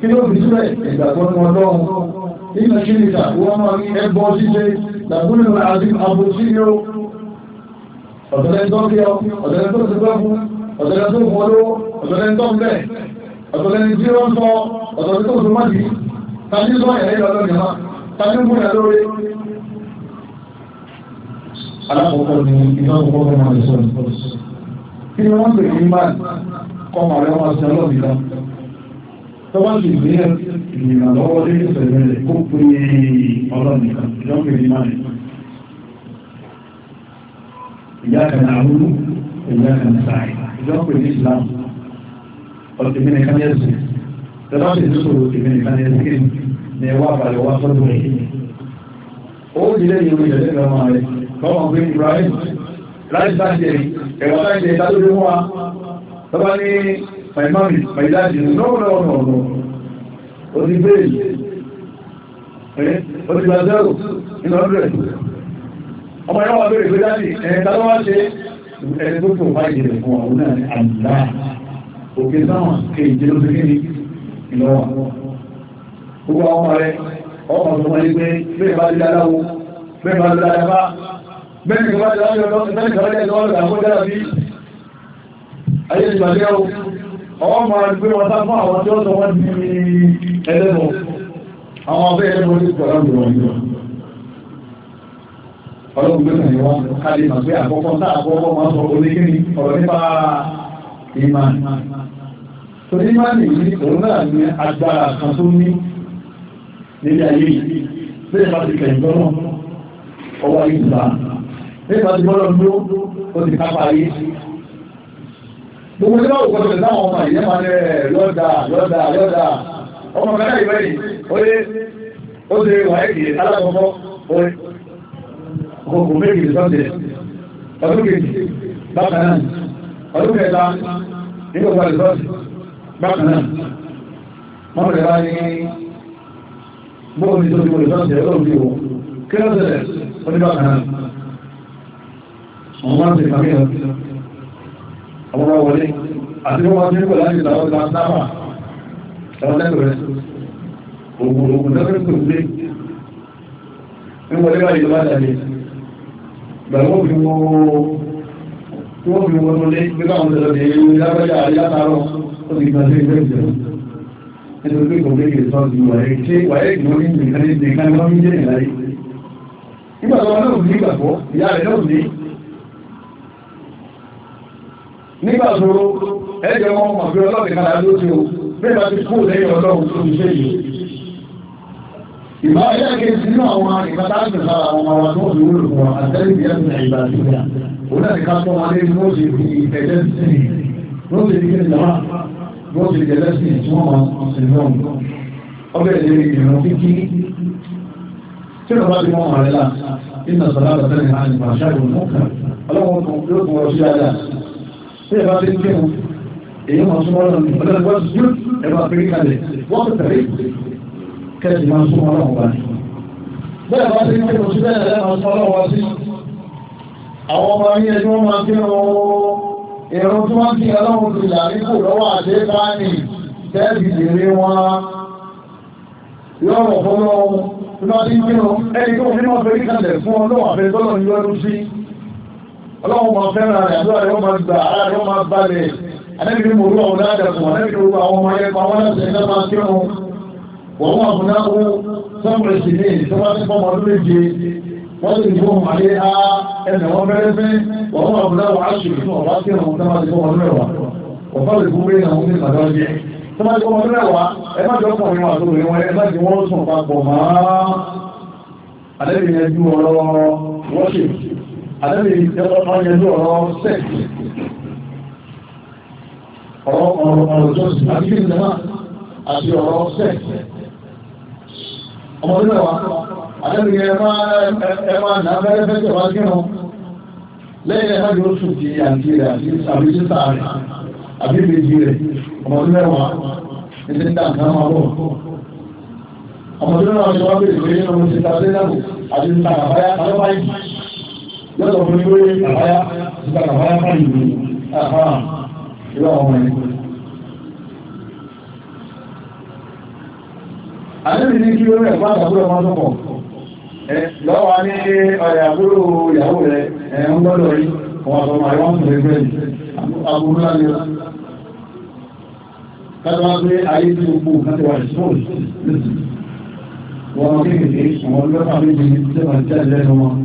kí ló fi sílẹ̀ ìgbàgbọ́ ní ọlọ́run nínú ṣíríkà wọ́n máa ní ẹgbọ́ ṣíṣe làbúrò àti àbòsí yóò ọ̀tọ̀lẹ́ntọ́ kí ọ ọ̀tọ̀lẹ́ntọ́ ti gbọ́ fún ọ̀tọ̀lẹ́ntọ́ fún ọlọ́wọ́ ọ̀tọ̀lẹ́ntọ́ ń bẹ̀ ọ̀tọ̀lẹ́ni tí ó ń sọ ọ̀tọ̀lẹ́ntọ́ fún májì tàbí sọ ẹ̀rẹ́ lọ́lọ́gbẹ̀má tàbí fún ẹ̀ lórí alákọ̀ọ́kọ́ ni ìtọ́kọ̀ọ́kọ́ máa sọ kí ni wọ́n pè ní máa kọ́ màrẹ́ wọn sí ọlọ́bìnrin tọ́wọ́ sì gbé ìrìnà lọ́wọ́ lórí ìṣẹ̀lẹ̀ rẹ̀ kó pé ọlọ́nìkan lọ́pẹ̀ ní máa ìyá kan àrúrú ìyá kan sáì lọ́pẹ̀ ní Islam ọ̀tẹ̀mínì káníẹ̀sì tọ́wọ́ sì tó sọ̀rọ̀ ọ̀tẹ̀mínì káníẹ̀sì ní ẹwà balẹ̀ wá sọ́dọ̀ rẹ̀ ó jìlẹ̀ ìlú ìjọ̀lẹ̀ ìrọ̀mọ̀ rẹ̀ lọ́wọ́n pé Ibrahim láti sáà my mommy, my daddy, no, no, no, no. O ti gbé èyí. O ti gba zero nínú ọdún rẹ̀. Ọmọ yẹn wà bẹ̀rẹ̀ pé dáàdì, ẹ̀yìn tá ló wá ṣe ẹni tó tó wáyé rẹ̀ fún àwọn náà ní àdúrà. Òkè sáwọn kéèjé ló ti kí ni ìlọ́wà. Gbogbo àwọn ọmọ rẹ̀, ọmọ tó wọlé pé bẹ́ẹ̀ bá ti dáadáa wo, bẹ́ẹ̀ bá ti dáadáa bá, bẹ́ẹ̀ ni bá ti dáadáa lọ́wọ́, bẹ́ẹ̀ ni bá ti dáadáa lọ́wọ́, ọwọ́ máa gbé wọn sá fún àwọn tí ó sọ wọ́n di ẹlẹ́bọ̀ àwọn ọbẹ̀ ẹlẹ́bọ̀ ti pọ̀ láti wọ̀nyí lọ. ọlọ́run gbé kàn wọ́n kálí màá pé àkọ́kọ́ tá àkọ́kọ́ máa sọ oníkíní ọ̀rọ̀ nípa ìmà. torí má nìyí òun náà ní agbára kan tó ní nílé ayé yìí bẹ́ẹ̀ bá ti kẹ̀yìn gbọ́nà ọwọ́ ìgbà bẹ́ẹ̀ bá ti gbọ́nà ló ó ti kápá gbogbo tí wọ́n gbọ́dọ̀ náà ọmọ ìyẹ́ máa ní lọ́dà lọ́dà lọ́dà ọmọ kanáà ìwẹ́ yìí ó lé ó lè wà ẹ́kì alákọ̀ọ́kọ́ orí ọkọ̀ méjì sọ́dẹ̀ ọdún kejì bákan náà ọdún kẹta nígbà wà lọ́dì bákan náà wọ́n rẹ̀ bá ní bóòmí tó gbogbo sọ́dẹ̀ olóòmí o kí lọ́sẹ̀ oníbàkan náà wọ́n máa ń àwọn ọmọ wọlé àti wọ́n ti pẹ̀lú àti ìdáwọ́ ìlà sábà ẹ̀wọ̀n lẹ́gbẹ̀ẹ́ rẹ̀ ògùn ògùn lẹ́gbẹ̀ẹ́ tó gbé ní wọlé wà ìjọba jáde bẹ̀rẹ̀ wọ́n fi wọ́n tí wọ́n fi wọ́n lé bí káwọn tẹ̀lé ní ìlú lábẹ́jà àríyátàárọ̀ ó ti gbàdé ìgbẹ́ ìjọba nítorí pé kò gbé ìrìsọ́ ti wàyé ṣé nígbàgbòrò ẹjẹ wọn mọ̀ bí ọlọ́pẹ̀ kan láti ó ti o bẹ́ẹ̀ bá ti kú lẹ́yìn ọlọ́run tó ṣe yìí ìbá ẹ̀yà kejì nínú àwọn ìbátáàtì lára àwọn ọmọ tó ń lò wọn àtẹ́lẹ̀ ìyá ti ìgbà sí ìyá òun náà ká tó wọn lé ní ó ṣe fi ìtẹ̀jẹ́ sí i ló ṣe fi kéde náà ló ṣe ìtẹ̀jẹ́ sí i tí wọ́n máa ṣe náà ọbẹ̀ ìdílé ìrìnà kíkí tí wọ́n bá ti mọ́ ọ̀rẹ́ là nínú sọ̀rọ̀ àtẹ́lẹ̀ àti ìbàṣẹ́ ìwọ̀n mọ́kà ọlọ́wọ́n yóò tún ọ tí ẹ̀bá ti ń jẹ́ wọn èyí wọn súnmọ́ lọ́nà ọlọ́run wọ́n ti dúró ẹ̀bá péré kalẹ̀ wọ́n ti tẹ̀lé kẹ́sì máa súnmọ́ ọlọ́run wá. bẹ́ẹ̀ bá ti ń jẹ́ wọn sí bẹ́ẹ̀ lẹ́nu súnmọ́ ọlọ́run wá sí àwọn ọmọ yín ẹni wọ́n máa fi hàn ẹ̀rọ tí wọ́n fi ọlọ́run ti là ní kò lọ́wọ́ àti báyìí tẹ́ẹ̀bì lèrè wọn yọ̀rọ̀ fọlọ́run tí wọ́n ọlọ́run máa fẹ́ràn rẹ̀ àdúrà rẹ̀ máa gbà ara rẹ̀ máa balẹ̀ anẹ́bí mo rú àwọn dáadàkùn anẹ́bí mo rú àwọn ọmọ ẹgbẹ́ àwọn aláṣẹ ẹgbẹ́ máa kí wọn wọ́n wà fún náà ó sọ́mùrẹ̀ sí ní ìjọba tí fọ́mọ ọdún méje wọ́n sì fún ọmọ ayé á ẹnà wọn fẹ́rẹ́ fẹ́ wọ́n wà fún náà wàá ṣùgbọ́n fún ọ̀rá kí wọn tó máa ti fọ́mọ ọdún mẹ́wàá ọ̀fà lè fún bẹ́ẹ̀ náà wọ́n ní ìgbàdá jẹ́ tó máa ti fọ́mọ ọdún mẹ́wàá ẹ má jọ ọkùnrin wọn àtòrò wọn ẹ má àdẹ́bì ìjọba ọ̀rọ̀ sẹ́ẹ̀kì ọ̀rọ̀ ọ̀rọ̀ ọ̀rọ̀ jọ́sìn àti bí ìjọba àti ọ̀rọ̀ sẹ́ẹ̀kì ọmọdé mẹ́wàá àdẹ́bì ẹ̀mà náà bẹ́rẹ́ fẹ́ tẹ̀wá gẹ́rùn lẹ́yìn ẹ̀fà yóò sùn ti àti rẹ̀ àti àbí sísà rẹ̀ àbí méjì rẹ̀ ọmọdé mẹ́wàá ẹ̀sẹ̀ ń dà nǹkan máa bọ̀ ọmọdé mẹ́wàá ṣọwọ́ bèèrè pé ọmọ ti ta lé yọ́tọ̀ fún ní lórí àbáyá ìgbà àbáyá fún ìlú àfáà ìwà ọmọ ẹ̀. àdébì ní kí lórí ẹ̀fọ́ àtàkùn ọmọ tó pọ̀ lọ́wọ́ ní ọ̀yàgbúrò ìyàwó rẹ̀ ẹ̀ gbọ́dọ̀ rí ọmọ àtọmọ àríwá ń tẹ̀lé bẹ́ẹ̀ aburú lálẹ́ pé ayé tí ó kú láti wà ìṣòro wọ́n kéèkéé àwọn ọlọ́pàá méjì ní ìjọba jáde lẹ́nu wọn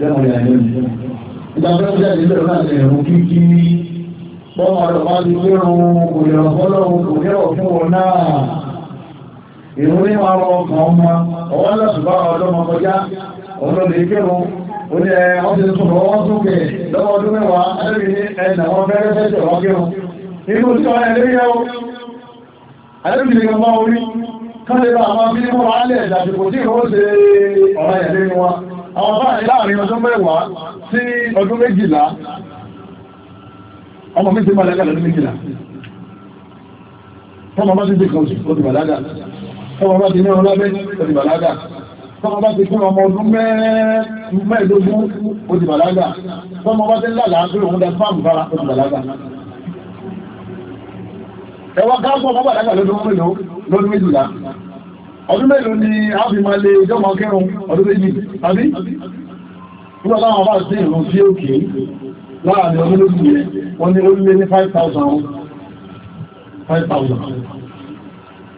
lẹ́wọ̀n ìyá ìlú mi. ìgbà tó ń jáde lẹ́rọ láti ẹ̀rù kíkí bọ́mọ rẹ̀ wá ti lérun kò lè rọ̀ fọ́lọ́run kò lè rọ̀ fún wọn náà. ìrún ní máa rọ ọkàn ọmọ ọwọ́ lọ́sùn bá ọlọ́mọ kọjá ọlọ́dẹ kírun ó ní ẹ ọ́sẹ̀ tó lọ́wọ́ sókè lọ́wọ́ ọdún mẹ́wàá ẹlẹ́bi ní ẹnà wọn fẹ́rẹ́ fẹ́jọ wọn kírun. inú tí wọn ẹlẹ́bi yẹ o ẹlẹ́bi ní gbọ́n orí kọ́lé bá àwọn abínibọ̀ alẹ́ ìdàdìbò tí ìrọ́ọ̀ṣe àwọn bá láàrin ọdún mẹ́wàá sí ọdún méjìlá ọmọ mi ti bàlágà lọ́dún méjìlá tọ́mọ bá ti dìkan sí ọdún bàlágà tọ́mọ bá ti ní ọlọ́bẹ́ ọdún bàlágà tọ́mọ bá ti fún ọmọ ọdún mẹ́ẹ̀ẹ́dógún ọdún bàlágà tọ́mọ bá ti lálàá pé òun dá fáàmù bára ọdún bàlágà ẹwà káàkọ́ ọmọ bàlágà lọ́dún méjìlá ọdún mélòó ni a fi máa lè jọmọ kẹrùn ọdún méjì àbí nígbà láwọn bá sí ìrùn sí òkè láàrin ọdún lójú rẹ̀ wọ́n ní orílé ní 5,000 5,000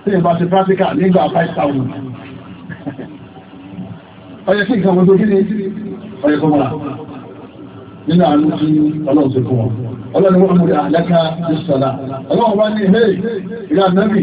tí ìbá ti practical nígbà 5,000 ọyẹ́ sí ìkàwọn tó kí ní ọyẹ́ kọ́ mọ́ra nínú àánú tí ọlọ́run ti fún wọn ọlọ́run wọ́n mú àlẹ́ká ní sọ́lá ọlọ́run wá ní ilé ìrìn ànábì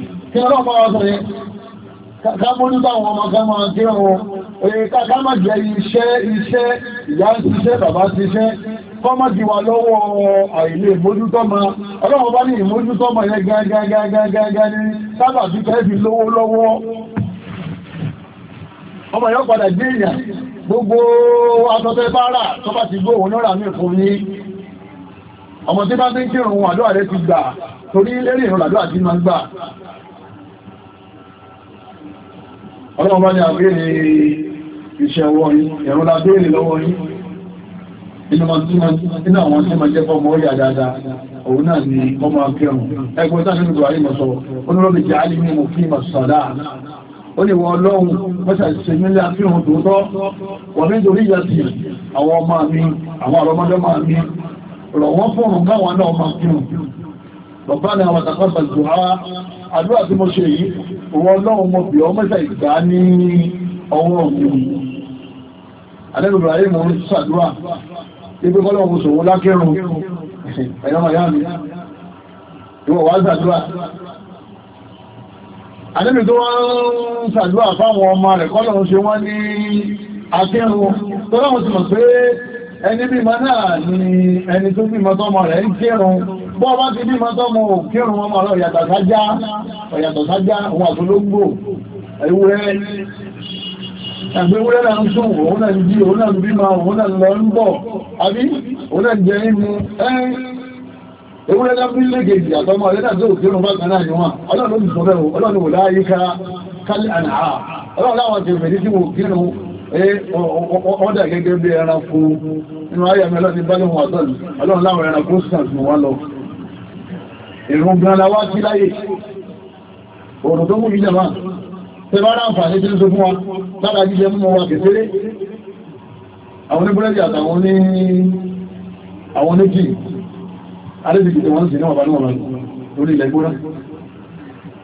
kí ọlọ́pàá wọ́n sọ yẹn kámọ́lú báwọn ọmọ kámọ́ kí wọn oye kámọ́ jẹ iṣẹ́ iṣẹ́ ìyá ń ṣiṣẹ́ bàbá ṣiṣẹ́ kọ́mọ́ ti wà lọ́wọ́ àìlè mójútọ́mọ ọlọ́wọ́ bá ní ìmójútọ́mọ yẹn gágágágágá ní sábà tí fẹ́ fi lówó lọ́wọ́ ọmọ yọ padà gbé èèyàn gbogbo atọ́tẹ́ bára tó bá ti gbó òun lọ́ra mí fún ọlọ́wọ́ bá ní àbẹ́rẹ̀ iṣẹ́ ọwọ́ yìí ẹ̀rọ lábẹ́rẹ̀ lọ́wọ́ yìí inú àwọn tí ma jẹ́ fọ́mọ ọ̀yà dáadáa òun náà ni ọmọ akẹ́rùn ẹgbẹ́ sáà nínú buhari mọ̀ onírọ́bì jẹ́ alì mímọ̀ fí ma sọ̀dá ó lè wọ ọlọ́run mọ́sà ṣe nílé àfihàn tòótọ́ wọ́n ní torí ìyàtì àwọn ọmọ mi àwọn àrọmọdé máa mi rọ̀ wọ́n fọ́rùn káwọn náà máa kírun bàbá ni àwọn àtàkọ́ wọ́n lọ́wọ́ mọ́ bí ọmọ ìsà ìgbà ní ọwọ́ mi alẹ́gbẹ̀rẹ̀ ayé mọ̀ ń sàdúrà ipé kọ́lọ̀ mọ̀ sòwò lákẹrùn ẹ̀yọ́mọ̀ yá mi ìwọ̀ wá sàdúrà alẹ́bì tó wọ́n ń sàdúrà fáwọn ọmọ rẹ̀ kọ́lọ̀ ṣe wọ́n ní akẹrùn tó láwọn ti mọ̀ pé ẹni bí ma náà ni ẹni tó bí mọ́tọ́mọ rẹ̀ ń kẹrùn bọ́ bá ti bí mọ́tọ́ mọ́ kírùn wọn mọ́ ọ̀yàtọ̀ sájá ọ̀yàtọ̀ sájá ohun àtológbò ewúrẹ́ ẹgbẹ́ ewúrẹ́ náà ń sùn òun náà ń jí òun náà ń bí ma òun náà lọ ń bọ̀ àbí òun náà jẹ inú ewúrẹ́ náà bí lẹ́gẹ̀ẹ́jì àtọmọ ọ̀rẹ́ náà tó kírùn bá kan náà ni wọn ọlọ́run ló ti sọ bẹ́ẹ̀ ọlọ́run gẹ́gẹ́ bí ẹranko inú ayé bá lóhun àtọ́lù ọlọ́run láwọn ẹranko sàn sí wọn lọ ìrùn gan la wá sí láyé òrùn tó mú ìjẹ máa tẹbára àǹfààní tí ó sọ fún wa lára jíjẹ mú wa kẹsẹ́rẹ́ àwọn oníbúrẹ́dì àtàwọn ní àwọn oníkì alébìkì tí wọ́n sì ní wàbánú wọn lórí ilẹ̀ ìgbóná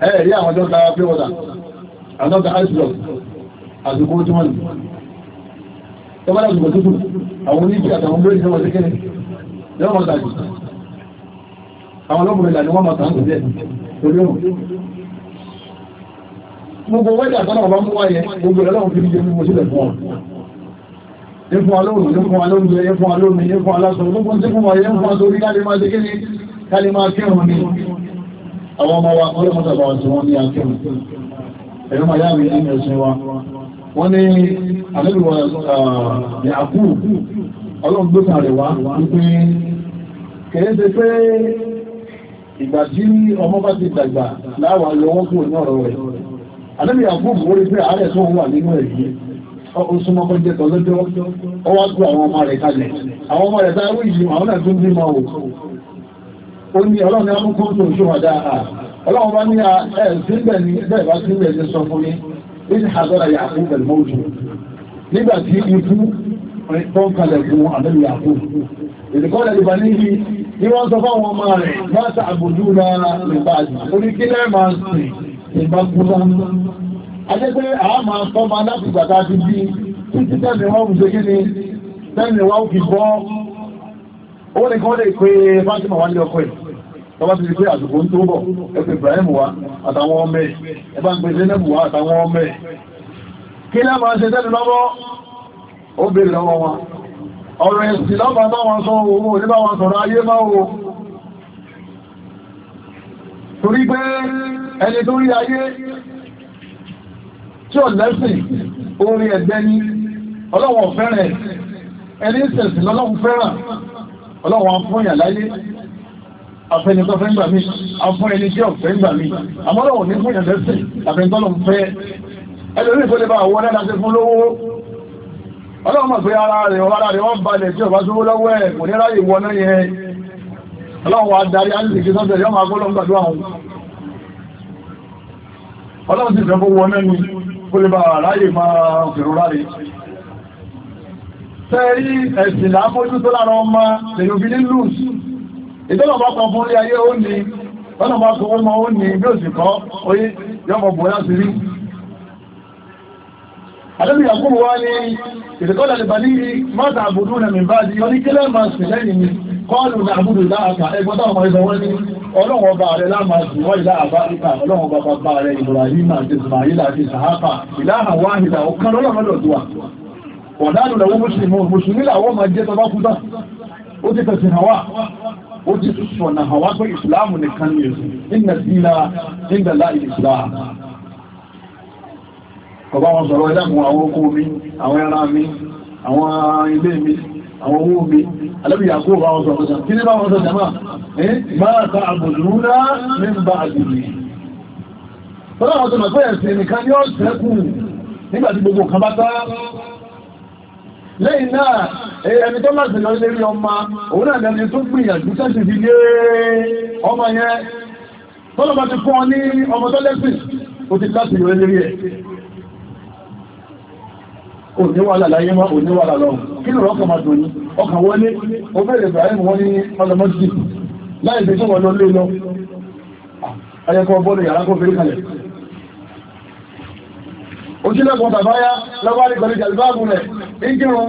ẹ̀rí àwọn dọ́ta pure water àwọn dọ́ta ice block àsìkò tí wọ́n tẹbára àsìkò tútù àwọn oníkì àtàwọn oníbúrẹ́dì àwọn ọlọ́pùnrin ìlànà wọ́n máa tàn tó jẹ́ torí òun gbogbo wẹ́dà tọ́nà ọba mú wáyẹ gbogbo ọlọ́run fi jẹ́ gbogbo sílẹ̀ fún ọ ní fún alóòrùn ní fún alóòrùn ní fún alóòrùn ní fún aláṣọ gbogbo tí fún wáyẹ fún atórí káàlì máa ṣe kíni káàlì máa kírun ni àwọn ọmọ wa ọlọ́mọta bá wọn tí wọ́n ní akírun ẹ̀rọ máa yá mi ní ẹ̀sìn wa wọ́n ní alẹ́bíwọ̀ ní àkú ọlọ́run ìgbà tí ọmọ bá ti dàgbà láwà lọ́wọ́ kúrò ní ọ̀rọ̀ rẹ̀ alẹ́bí àgbòbò orí pé àárẹ̀ tó wà nínú ẹ̀ yìí ó súnmọ́ kọ́ jẹ́ tọ́lọ́jọ́ ó wá kú àwọn ọmọ rẹ̀ kalẹ̀ àwọn ọmọ rẹ̀ tá rú ìlú àwọn o ó ní ọlọ́run á mú kó tó ṣó wàdá à ọlọ́run bá ní ẹ̀ síbẹ̀ ní bẹ́ẹ̀ bá síbẹ̀ ní sọ fún mi ní àgọ́ra yàkú pẹ̀lú mọ́jú nígbà tí ikú tó ìdíkọ́lẹ̀ ìbàníyí ní wọ́n sọ fáwọn ọmọ rẹ̀ láti àbòjú lára ìbájì orí kí lẹ́ máa sì ìbá kúrá ajẹ́gbé àmà tọ́mà láti gbàtà ti bí títí tẹ́lẹ̀wọ́ ń ṣe gíní tẹ́lẹ̀wọ́ fi bọ́ ó ní kọ́ lè pé fásitì wà ní ọkọ̀ ẹ̀ tọ́wọ́ ti di pé àsìkò ń tó bọ̀ ẹgbẹ̀ Ibrahim wa àtàwọn ọmọ ẹ̀ ẹbá ń pè Zẹ́nẹ́bù wa àtàwọn ọmọ ẹ̀ kí lẹ́ máa ṣe tẹ́lẹ̀ lọ́wọ́ ó bèèrè lọ́wọ́ wọn ọ̀rọ̀ ẹ̀sìn lábà bá wọn sọ owó níbà wọn sọ̀rọ̀ ayé máa wo torí pé ẹni tó rí ayé tí ò lẹ́sìn orí ẹ̀gbẹ́ ní ọlọ́wọ̀n fẹ́rẹ̀ ẹni ìsẹ̀sìn lọ́lọ́wọ̀n fẹ́ràn ọlọ́wọ̀n fún ìyà láyé afẹ́nitọ́ fẹ́ ń gbà mí afún ẹni tí ọ̀fẹ́ ń gbà mí àmọ́lọ́wọ̀n ní fún ìyà lẹ́sìn àfẹ́ntọ́lọ́ ọlọ́run mọ̀ pé ara rẹ̀ ọ̀rá rẹ̀ wọ́n balẹ̀ tí ọba sówó lọ́wọ́ ẹ̀ kò ní ráyè wọ náà yẹn ọlọ́run wa darí alìsìkí sọ́tẹ̀ yọ́ máa gbọ́lọ́ gbàdúrà wọn ọlọ́run sì fẹ́ kó wọ náà ni kó lè bá ráyè máa fèrò ráre tẹ́rí ẹ̀sìn lámójútó lára ọmọ lèyàn fi ní lùs ìtọ́nà bá kan fún ilé ayé ó ní ọ̀nà bá kan ó mọ ó ní bí òsìkọ́ oyé yọ́mọ̀ bọ̀ láti rí Àlébì Yàkúbù wá ní ìdíkọ́lá lè bàní máta àbùdú na mi bá di orí kílẹ̀ máa sì lẹ́yìn mi kọ́ọ̀lù na àbùdú láàkà ẹgbọ́n táwọn ọmọ ìsọ wọ́n ní ọlọ́wọ́ bá rẹ̀ ó ti sọ̀nà hàwá ìsìláàmù nìkan ní ẹ̀sìn ìnà sílá ìdàlá ìsìláàmù ọba wọn sọ̀rọ̀ ẹlẹ́gùn àwọn okó mi àwọn ẹran mi àwọn ilé mi àwọn owó mi alẹ́bìyà kó bá wọn sọ̀rọ̀ kí ní bá wọn sọ jama máa ta àbòdúnrà ní bá àdìrí tọ́lá wọn tó mẹ́fẹ́ ẹ̀sìn nìkan yóò sẹ́kù nígbàtí gbogbo kan bá tá lẹ́yìn náà ẹni tó láti lọ ilé rí ọmọ tó gbìyànjú ọmọ yẹn tọ́lọ́ ti fún ọ ní ọmọ tó ó ti láti lọ ilé ẹ̀ òníwàlà láyé mọ́ òníwàlà lọ́wọ́ kí ló rọ́kọ̀ máa dùn ní ọkàn wọlé ó bẹ̀rẹ̀ Ibrahim wọ́n ní ọlọ́mọ́sí láì fẹ́ sọ́wọ́ lọ lé lọ ayẹ́kọ́ bọ́ọ̀lù yàrá kó fẹ́rí kalẹ̀ ojúlẹ̀kùn tàbáyá lọ́wárí pẹ̀lú jàlbáàbù rẹ̀ ń kírun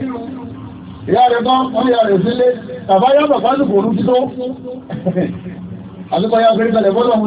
ìyá rẹ̀ tán wọ́n yà rẹ̀ sílé tàbáyá bàbá lù kò rú tító àtúkọ̀ yà fẹ́rí kalẹ̀ bọ́ọ̀lù ọmọ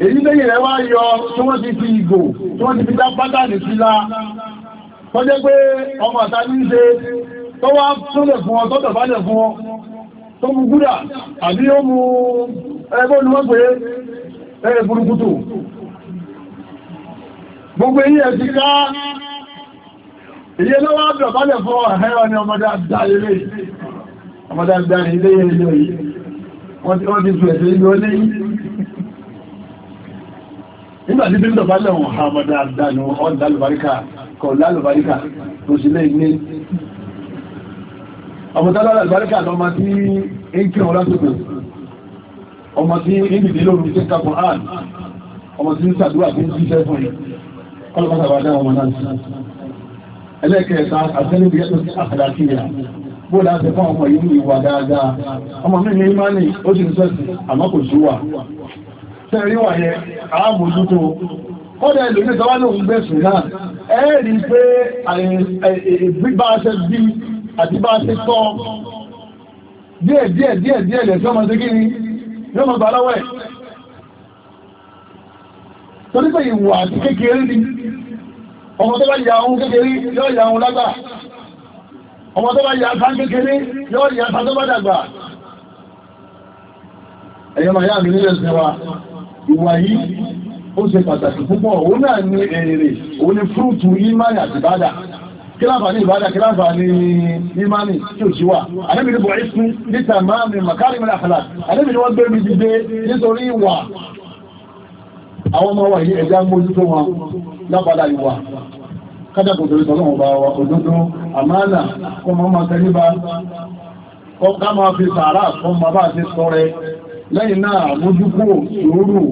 èyí lẹ́yìn rẹ̀ wá yọ tí wọ́n ti fi ìgò tí wọ́n ti fi dá pátánì sí la tó jẹ́ pé ọmọ àta ní ṣe tó wá túnlẹ̀ fún ọ tọ́tọ̀ bá lẹ̀ fún ọ tó mú gúdà àbí ó mú ẹgbẹ́ olúwọ́n pé ẹ̀rẹ̀ burúkútù gbogbo èyí ẹ̀ ti ká èyí lọ́wọ́ àbẹ̀ bálẹ̀ fún ọ̀hẹ́ ọ̀nà ọmọdé àdáyẹlé ọmọdé àdáyẹlé yẹn lóyìí wọ́n ti sùn ẹ̀sẹ̀ ilé ó léyìí nígbà tí bíndọ̀ bá lẹ́wọ̀n àmọ́dá àdánù ọ̀dálùbáríkà kọ̀ọ̀lálùbáríkà tó sì lẹ́ ilé ọmọdálùbáríkà lọ́mọ tí ń kí ọ̀rá tó ọmọ tí ń dìdí lórí tí kàkùn án ọmọ tí ń sàdúrà tí ń jíṣẹ́ fún yìí kọlọ̀kọ̀ta ọmọ náà sí ẹlẹ́kẹ̀ẹ́ta àtẹ́lẹ́bí bóòdá ṣe fún ọmọ yìí ìwà dáadáa ọmọ mi ní ìmánì ó sì ń sẹ́sì àmọ́ kò sí wà tẹ́rí wà yẹ àmójútó kọ́dẹ̀ ìlú ní sọ́wọ́n lòun gbẹ̀sùn náà ẹ́ẹ̀rí pé àìbíbáṣẹ́ bí àti bá ṣe tọ́ díẹ̀ díẹ̀ díẹ̀ díẹ̀ lẹ̀ tí ọmọ sí kí ni yóò mọ̀ gbàláwẹ̀ torí pé ìwà àti kékeré ni ọmọ tó bá ya ohun kékeré yóò ya ohun lágbà ọmọ tó bá ya tán kékeré yóò ya dàgbà ẹ̀yọ́ màá yá mi nílẹ̀ sí ìwà yìí ó ṣe pàtàkì púpọ̀ òun náà ní èrè òun ni fúrútù ìmáyà àti bádà kíláàfà ní ìbádà kíláàfà ní ìmánì tí ò sí wà àdébìnrin bọ̀ ìfún níta máa mi màkàrí mi láfàlà àdébìnrin gbé mi dìde nítorí ìwà àwọn ọmọ wa yìí ẹ̀dá mójútó wọn lápadà ìwà kádàkùn torí lẹ́yìn náà mójúkú ìrúrù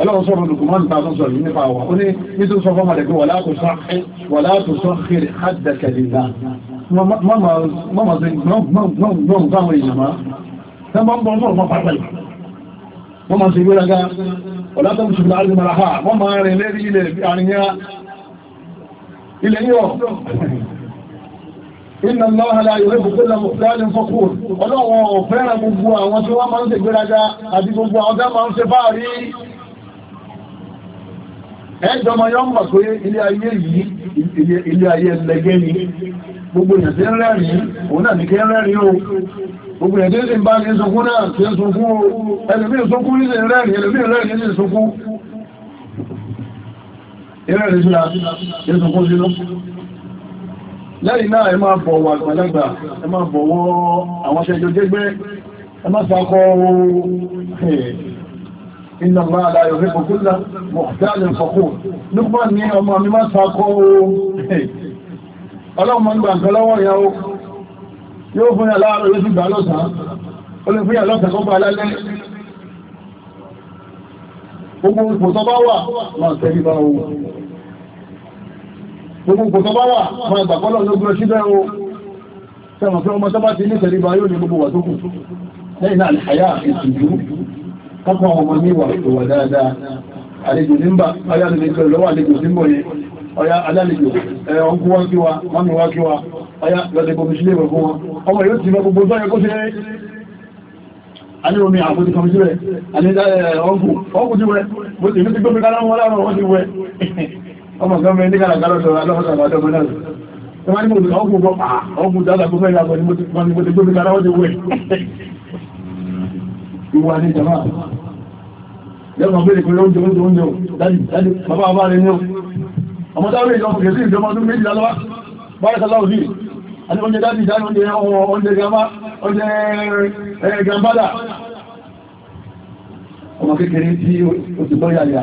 ọlọ́run sọ́rọ̀ dùkùnmọ́nù tàbí sọ yìí nípa wà ó ní nítò sọ fọ́mà rẹ̀ pé wà látò sọ kiri àdàkẹ̀lélá mọ́mà sí gbọ́n táwọn èèyàn máa tán bá ń bọ́n sọ́rọ̀ mọ́ pàtàkì wọ́n máa ṣe ìwé raga wà látò sí ìlà àrùn mara ha wọ́n máa rìn lérí ilẹ̀ àríyá ilẹ̀ yóò Iná lọ́wọ́ la yóò rẹ̀bù kúlọ̀ mọ̀fíláàlì fọ́kù. Ọlọ́wọ́ ọ̀fẹ́ràn gbogbo àwọn tí wọ́n máa ń ṣe gbéraga àti gbogbo àwọn tá máa ń ṣe fáàrí. Ẹjọ́ ma yọ́ mọ̀ pé ilé ayé yìí, ilé ayé ẹlẹgẹ́ ni. Gbogbo ìyàn la, ní lẹ́yìn náà ẹ máa bọ̀wọ̀ àgbàlagbà ẹ máa bọ̀wọ̀ àwọn aṣẹ́jọ jẹ́gbẹ́ ẹ máa sàkọ́ iná máa láyọ̀ fẹ́ fòkúnlá mọ̀tálẹ̀ fòkú nípa ní ọmọ mi máa sàkọ́ ọlọ́mọ ń gbà ń kọlọ́wọ́ ìyàwó yóò fún yà láàárọ̀ yóò sì gbogbo ipò bá wà máa tẹ́lú bá owó gbogbo kò tó bá wà máa ìgbàgbọ́lọ̀ lógún ọṣíbẹ́ o sẹ́wọ̀n fẹ́ ọmọ tọ́bá ti ní ìtẹ̀ríba yóò ní gbogbo wà tó kù lẹ́yìn náà àyà ìtìjú kápọ̀ àwọn ọmọ níwà ìwà dáadáa àlejò nímbà ayálejò lọ́wọ́ àlejò nímbò yẹn ọya alálejò ọkùn wá kí wa mọ́mí wá kí wa ọya lọ́dẹ̀ wọn ti mọ ọmọ kan mẹ́rin nígbàlá kan lọ́sọ̀rọ̀ alọ́sọ̀rọ̀ àdọ́gbọ́n o dájú dájú bàbá bàbá rẹ̀ ní o ọmọ táwọn èèyàn kò kèsì ìjọba ọdún méjìlá lọ́wọ́ báyìí sọlá òbí àti oúnjẹ dájú dájú ọmọ kékeré tí ó ti bọ́ yàyà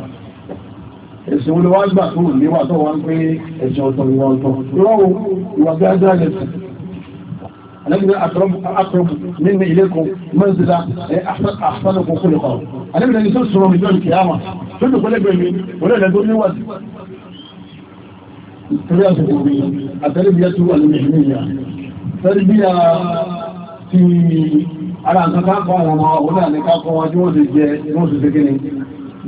ẹ̀sìn olówó àgbà tó wù níwà tó wọ́n pé ẹ̀sìn ọ̀tọ̀ ìwà ọ̀tọ̀ lọ́wọ́ ìwà bí ájá lẹ́sìn alẹ́gbẹ̀rẹ̀ akọrọ̀bù nínú ilé kan mọ́sílá àṣánàkùn kúrò kan alẹ́gbẹ̀rẹ̀ ni tó sọ̀rọ̀ ìjọ́ ìkìyàmà tó tó pẹ́lẹ́gbẹ̀ mi olóòlẹ́ tó níwà torí àsìkò mi àtẹ́lẹ́bíyà tó wà nínú ìlú ìyá tẹ́lẹ́bíyà ti ara nǹkan káàkọ́ àwọn ọmọ ọ̀dà ní káàkọ́ wọn tí wọ́n ti jẹ wọ́n ti ṣe kí ni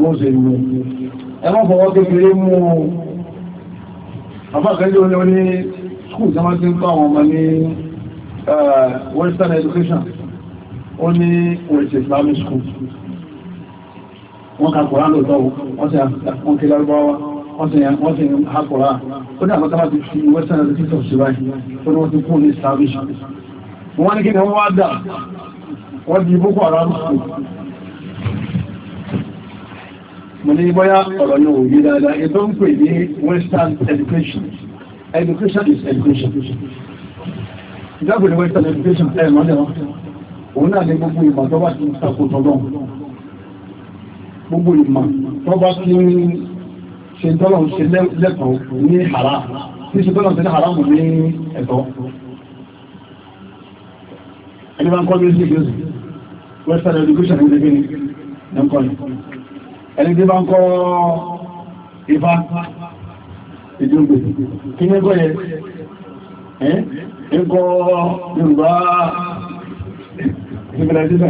wọ́n ti ṣe ẹwọ́n fọwọ́ kékeré mú àfáàkẹ́lẹ́ oní oní skúù tí wọ́n ti ń pàwọn ọmọ ní western education ó ní oríṣẹ́ islamic school wọ́n ka kọ̀rá lóòtọ́ wọ́n kí lárúbáwá wọ́n sì ha kọ̀rá ó ní àkọ́tàmà ti fi western education sí báyìí ó ní wọ́n ti kún ní islamic wọ́n ní kí ni wọ́n wá dà wọ́n di boko haram school mo ní bọ́yá ọ̀rọ̀ náà òye dáadáa ètò ń pè ní western education education is education ìjábò ní western education ẹ̀ mọ́lẹ̀ wọn òun náà ní gbogbo ìmọ̀ tó bá ti takò tọ́lọ́ gbogbo ìmọ̀ tó bá ti ń ṣe tọ́lọ̀ ṣe lẹ́kọ̀ọ́ ní hàrá tí ṣe tọ́lọ̀ ṣe ní hàrá mọ̀ ní ẹ̀tọ́ ẹni bá ń kọ́ music western education ní ẹgbẹ́ ní ẹ̀kọ́ ẹni tí bá ń kọ́ ìfà ìjọgbè kí ní kọ́ yẹ ń kọ́ Yorùbá ìfẹ̀lẹ̀dísà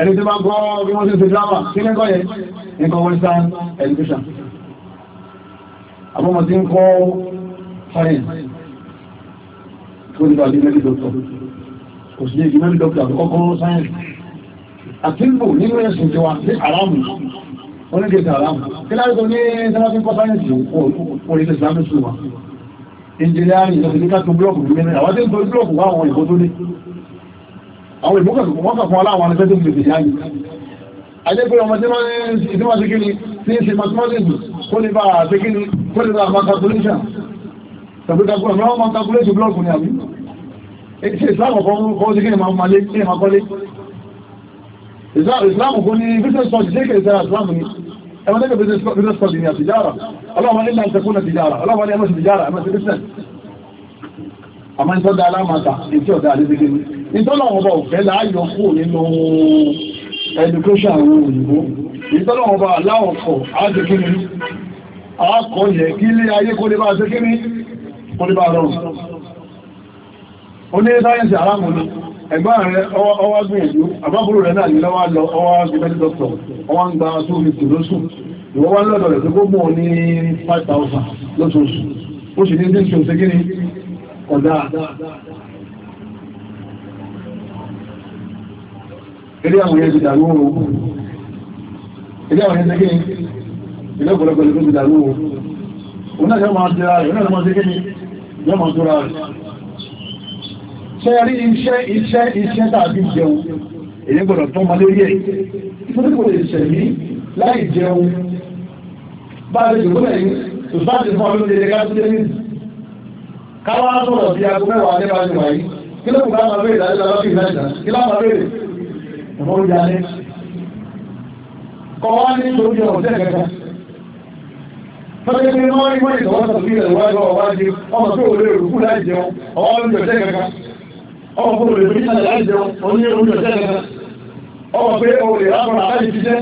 ẹni tí bá ń kọ́ bí wọ́n sí ṣe drama kí ní kọ́ yẹ ń kọ́ Western education àbọ́mọ̀ tí ń kọ́ science tó ní bá di medical doctor kò sí ní di medical doctor àkọ́kọ́ science àtìlù nínú ẹ̀sùn tí wà ní àrámù onígbèsè àrámù kí láàrín ní sẹ́láfí pọ́sáyẹ̀sì orílẹ̀ islamic school engineering ìjọsìníká tó blọ́ọ̀kù ní mẹ́rin àwọn tí ń tó blọ́ọ̀kù wá àwọn ìbò tó ní àwọn ìbò kọ̀kọ̀ fún aláwọn ẹgbẹ́ tó gbèsè yáyì ajẹ́gbẹ́ ọmọ tí wọ́n ṣe kíni tí ń ṣe mathematics kó lè bá ṣe kíni kó lè bá àwọn calculation tàbí calculation wọ́n máa calculate blọ́ọ̀kù ní àbí ṣe ìsìláàmù kan kọ́ sí kíni máa malé islam kò ní business study jẹ́ kẹrẹ sára islam ni ẹwọ́n tẹ́kẹ̀ business study ni àtijára ọlọ́wọ́n ilẹ̀ ìtẹ̀kún na ti ọlọ́wọ́n ni ẹmọ́ sí ti ẹmọ́ sí business àmọ́ ìtọ́ da alámàta ìtí ọ̀dá àdébíkí ni ìtọ́lọ́wọ́n bá òfẹ́ láàyọ kú nínú education àwọn òyìnbó ìtọ́lọ́wọ́n bá aláwọ̀kọ̀ àdébíkí ni àákọ̀ yẹ kí ilé ayé kó lè ni kó lè bá rọrùn ó ní sáyẹ́nsì aráàmù ẹ̀gbọ́n rẹ̀ ọwá gbìyànjú àbábúrò rẹ̀ náà ní lọ́wọ́ lọ ọwá gbìyànjú dọ́tọ̀ ọwá ń gba 250 lóṣù ìwọ́n wá lọ́dọ̀ rẹ̀ tó gbogbo ní 5000 lóṣooṣù ó sì ní ní ṣe òṣèké ní ọ̀dá ilé àwọn ẹ̀yẹ́ ti dàrú oòrùn ilé àwọn ẹ̀yẹ́ ti gẹ́ ilé ọ̀pọ̀lọpọ̀ ṣe rí iṣẹ́ iṣẹ́ iṣẹ́ tàbí jẹun èyí gbọ́dọ̀ tán ma lórí ẹ̀ nítorí kò lè ṣẹ̀mí láì jẹun bá lè jù lórí ṣùgbọ́n fún ọdún lè ká tó lórí káwá sọ̀rọ̀ bí aago mẹ́wàá lẹ́bà ní wáyé kí ló kù ká máa bèèrè láti lọ́wọ́ bíi láìsàn kí lá máa bèèrè ẹ̀mọ́ oúnjẹ alẹ́ kọ́ wá ní oúnjẹ ọ̀sẹ̀ kẹta Fọ́njẹ́ pé wọ́n rí wọ́n ìtọ́wọ́sọ̀ sí ẹ̀rọ wájú ọwájú ọmọ tó olóòrùn kú láì jẹun ọwọ́ ọmọ òrè bí sálẹ̀ láì jẹun oní orí ọ̀sẹ̀ kankan ọmọ pé òrè ápọ̀nà láì jíjẹ́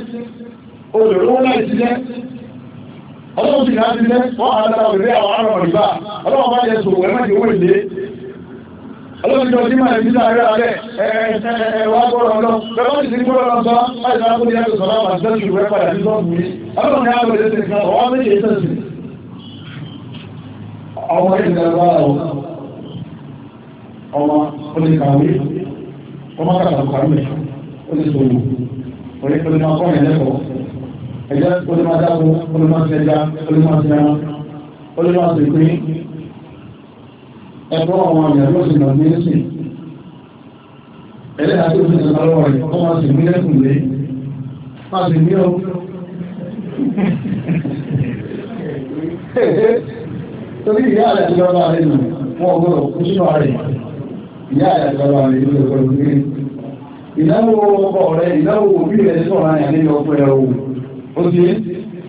òrè owó láì jíjẹ́ ọlọ́run ti náà jíjẹ́ wọ́n á dára òrè àwọn ará ọ̀rìbá ọlọ́run bá jẹ sòwò ẹ̀ mẹ́jì owó èlé ọlọ́run jọ símọ̀ ẹ̀ nígbà rẹ̀ rẹ̀ ẹ̀ẹ̀wà gbọ́rọ̀ lọ bẹ̀rẹ̀ wọ́n ti ti gbọ́rọ̀ lọ sọ láì sáà kúrò yàtọ̀ sọ̀rọ̀ àwọn àti sẹ́sù rẹ̀ padà sí sọ́ọ̀bù yìí ọlọ́run ní àwọn èdè tẹ̀sán ọmọ oníkàwé ọmọ kàkàkàwé oníṣòwò oníkọlùmọ kọ́rin lẹ́kọ̀ọ́ ẹ̀jẹ̀ olùmọ dáko olùmọ sẹja olùmọ sẹran olùmọ sèpín ẹ̀kọ́ àwọn àmì àti oṣù náà ní ẹ̀sìn ẹ̀lẹ́ àti oṣù náà lọ́wọ́ rẹ̀ ọmọ sèpín lẹ́kùn lé má sì ní ọ torí ìyá rẹ̀ ti lọ́ba rẹ̀ nù wọn ò gbọ́dọ̀ kú sínú àárẹ̀ ìyá ìyàgbọ́ra rẹ̀ ló lọ́pọ̀ ní ìnáwó ọkọ̀ rẹ̀ ìnáwó òbí rẹ̀ sọ̀rọ̀ àyà nínú ọkọ̀ ẹ̀ o ó ti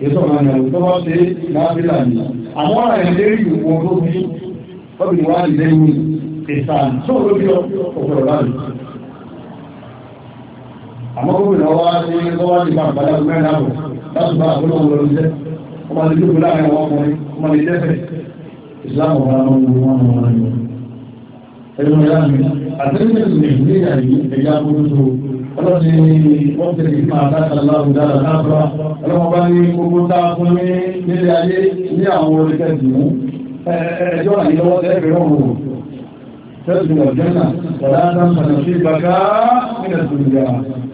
ìsọ̀rọ̀ àyà tó bá ṣe lábílà ní àwọn àyà lérí ìwọ̀n tó bí ọbìnrin wá ní lẹ́yìn ìsàn tó ló bí ọkọ̀ láàrín àmọ́ gómìnà wá ní lọ́wọ́ ti bá àgbàlá mẹ́rin àbọ̀ láti bá àgbàlá wọn lọ jẹ́ ọmọ ilé ìgbòlá àwọn ọmọkùnrin ọmọ ẹ̀rọ ìyá mi àtẹ́lẹ́sẹ̀ nàìjíríà yìí ẹ̀yà gbogbo ọlọ́dẹ wọ́n tẹ̀lé nípa àtàkàláwò dára lábúrá ọlọ́wọ́n bá ní gbogbo tá a fún ní nílé ayé ní àwọn orílẹ̀ ìdìmú ẹjọ́ àyẹ̀wọ́ ẹgbẹ̀rún òwò tẹ́sùn ọ̀jọ́nà ọ̀làdá sànàfí bàká nílẹ̀ ìdìmúyà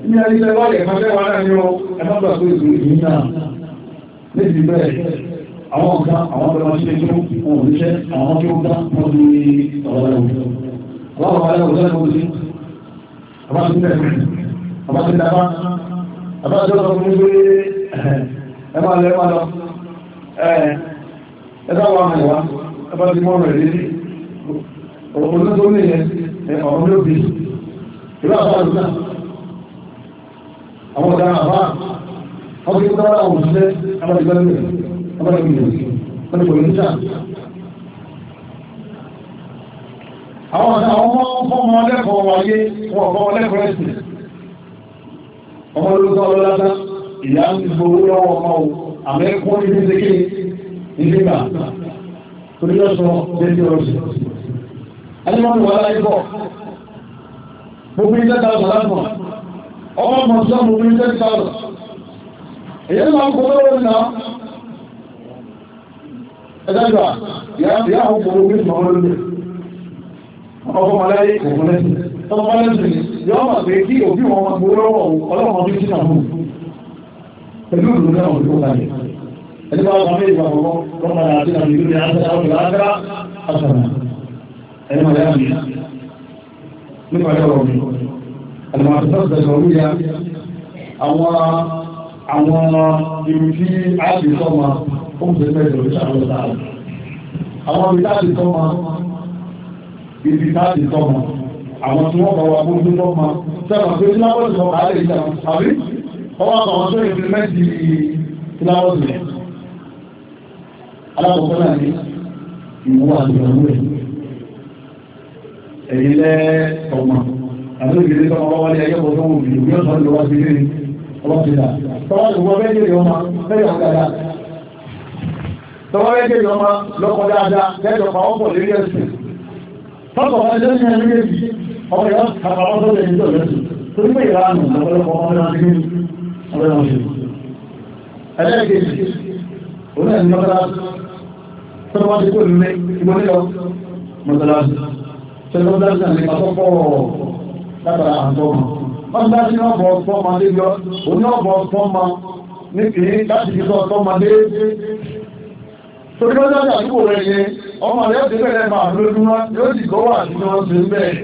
ní ayé tẹ́wọ́ ẹ̀kan fẹ́ wọn náà ní ọ ẹ̀fọ́gbà tó ìlú yìí náà níbi bẹ́ẹ̀ àwọn ọ̀gá àwọn ọ̀gá wọn ṣe tó wọn ò níṣẹ́ wọ́n wọ́n ayé òjò ẹ̀kọ́ sí ọba sí bẹ́ẹ̀ ọba sí dábá ọba sí ọba fún gbé ẹ máa lọ ẹ máa lọ ẹ bá wà mọ̀ wá ẹ bá ti mọ́ ọ̀rọ̀ ẹ̀ lérí òun tó ní yẹn ọ̀rọ̀ ló bí ìlú àbáàlú náà àwọn ọ̀dà àbá ọkùnrin tó dára àwọn òṣìṣẹ́ abájúgbẹ́lẹ́ abájúgbẹ́lẹ́ àwọn ọmọ fọ́mọ lẹ́kọ̀ọ́ wáyé wọ́n fọ́mọ lẹ́kọ̀ọ́ ẹ̀sìn ọmọ olóòtú ọlọ́lá ìyá ń ti gbogbo lọ́wọ́ ọmọ o àmẹ́kọ́ ilé ṣeké ilé gbà torí lọ́sọ lẹ́bí ọ̀sẹ̀ alẹ́mọ́nù wà láì bọ̀ gbogbo ilé tààtà lásán ọmọ mọ̀sán gbogbo ilé tààtà èyí máa ń kó lọ́wọ́ náà ẹ̀dájọ́ ìyá àwọn gbogbo ilé tààtà ọkọ̀ maláyé òun lẹ́sìn tọ́mọ bá lẹ́sìn yọ́ mà pé kí òbí wọn máa gbó lọ́wọ́ ọlọ́mọ bí sí àwọn pẹ̀lú ìlú náà òun ló kalẹ̀ ẹni bá wọn méjì wà fọwọ́ lọ́mọ àti àmì ìlú ní àṣà àwọn ìlàkàrà àṣàmà ẹni mọ̀ lẹ́yà mi nípa ẹ̀rọ mi àlùmọ̀ àti sọ́ọ̀tẹ̀ sọ̀rọ̀ ya àwọn àwọn ìlú tí a ti sọ́ma ó ibi táàdì tọ́mọ àwọn tí wọ́n bọ̀ wà fún tó tọ́mọ sẹ́wọ̀n pé síláwọ́sì ọkà lè jà àbí ọwọ́ àwọn tó ìpìlẹ̀mẹ́tì síláwọ́sì alákọ̀ọ́kọ́ náà ní ìwọ àtìyàwó rẹ̀ ẹ̀yìn lẹ́ ọmọ àti òkèlè tọ́mọ bá wálé ayé ọ̀dọ́ òbí ní ọ̀sán ló wá sí lé ọlọ́sílà tọ́wọ́ ìwọ bẹ́ẹ̀ ọmọ bẹ́ẹ̀ tọ́kọ̀ ọjọ́ ní ẹni méjì ọmọ yọ kàkàrọ̀ tó lè ní ọjọ́ sí torí pé ìlànà ọ̀pọ̀lọpọ̀ ọmọ náà ní ọjọ́ náà ṣe ẹlẹ́gẹ̀ẹ́jì òun ẹni mọ́tàlásì tó wá sí pẹ̀lú ní ìgbóníyọ mọ́tàlásì tó lọ dájú àmì àkọ́kọ́ látara àtọ́mọ wọ́n dájú náà bọ̀ fọ́mọ lé yọ òun náà bọ̀ fọ́mọ ní kìí láti fi sọ fọ́mọ lé torí wọ́n dájú àdúgbò rẹ̀ yẹn ọmọ rẹ̀ ti bẹ̀rẹ̀ máa lójúmọ́ yóò sì gọ́wà nínú ọdún bẹ́ẹ̀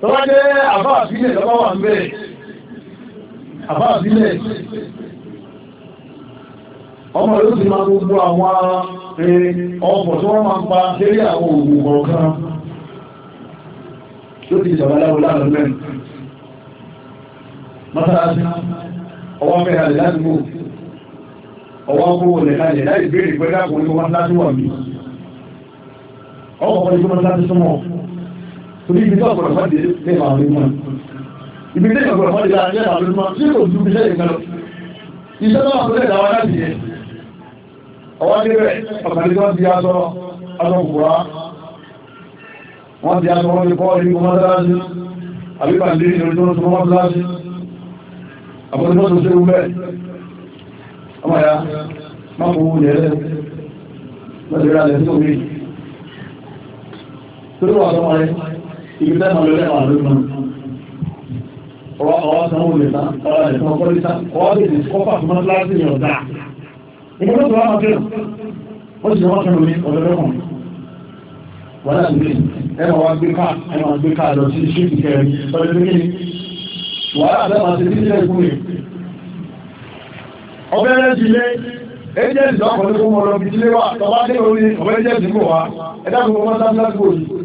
tó wá jẹ́ àbá àbílẹ̀ lọ́wọ́ wà ń àbá àbílẹ̀ ọmọ rẹ̀ ti máa gbogbo àwọn eh, ọmọ tó wọ́n máa pa kéré àwọn yóò ti mẹ́rin ọwọ́ mẹ́rin ọwọ́ kó wọlé láì bèèrè pẹ́lá kò ní wọ́n ọkọ̀ kan ìjọba láti súnmọ́ torí ibi tó ọ̀pọ̀lọpọ̀ pàdé lẹ́fà àwọn ìmọ̀ ibi tó ọ̀pọ̀lọpọ̀ pàdé lẹ́fà àwọn ìmọ̀ tí kò ju iṣẹ́ ìkan lọ iṣẹ́ tó wà fún ẹ̀dá wa láti yẹ ọwọ́ débẹ̀ ọ̀kàlẹ́ tó ti aṣọ aṣọ kùkùrá wọ́n ti aṣọ wọn ní kọ́ ní kọ́ mọ́sálásí àbíkà ní ìrìn tó ń sọ mọ́sálásí àbọ̀dúnmọ́ tó ṣe wúbẹ̀ ọmọ ya má kò wú ní ẹlẹ́ lọ́dẹ̀rẹ́ alẹ́ tó rí torí wà sọmọ rẹ̀ ibi tẹ́mà lórí àwọn àlúmọ̀ ọwọ́ sanwó lè tán ọwọ́ lè tán ọkọ́ lè tán ọwọ́ lè tán kọ́pà fún mọ́ láti ní ọ̀dá ìgbẹ́ tó wà máa kẹ́rù ó sì wọ́n kẹ́rù mi ọ̀dọ́dọ́kùn wọ́n láti gbé ẹmà wá gbé káà ẹmà gbé káà lọ sí iṣẹ́ ìkẹrẹ ọ̀dọ́dọ́kùn wàhálà àbẹ́mà ti ní ilé ìkúrè ọbẹ̀rẹ̀ ti lé ẹjẹ́ ìdọ́kọ̀ọ́lẹ́kùn mọ́ lọ bí ilé wà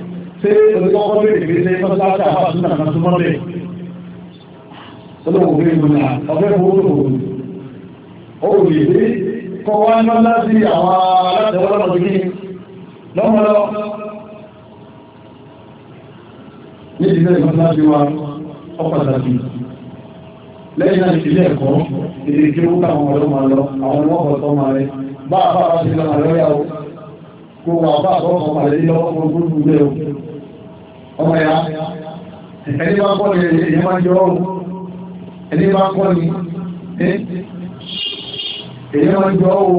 ṣé olùkọ́kọ́ lè dìbò ṣe tọ́jú láti àwọn àtúntà kan tó mọ́ bẹ́ẹ̀. olóòwò bẹ́ẹ̀ múlá ọ̀fẹ́ fowó òwì bí kọ́ wá ń lọ́lá sí àwọn alátẹ̀wọ́lọ́pọ̀ kí lọ́mọlọ́ ní ìdílé ìfọ́nlá sí wa ọpàdàbí lẹ́yìn náà ìpínlẹ̀ ẹ̀kọ́ ìdíjú láwọn ọlọ́mọ lọ àwọn ọmọ ọ̀tọ́ máa rẹ bá àbá gbogbo àbá àtọ́kọ̀ pàdé ní ọkọ̀ gbogbo ilé o ọmọ ya ẹni bá kọ́ ni ẹni máa jọ ọ́ ẹni bá kọ́ ni ẹni máa jọ ọ́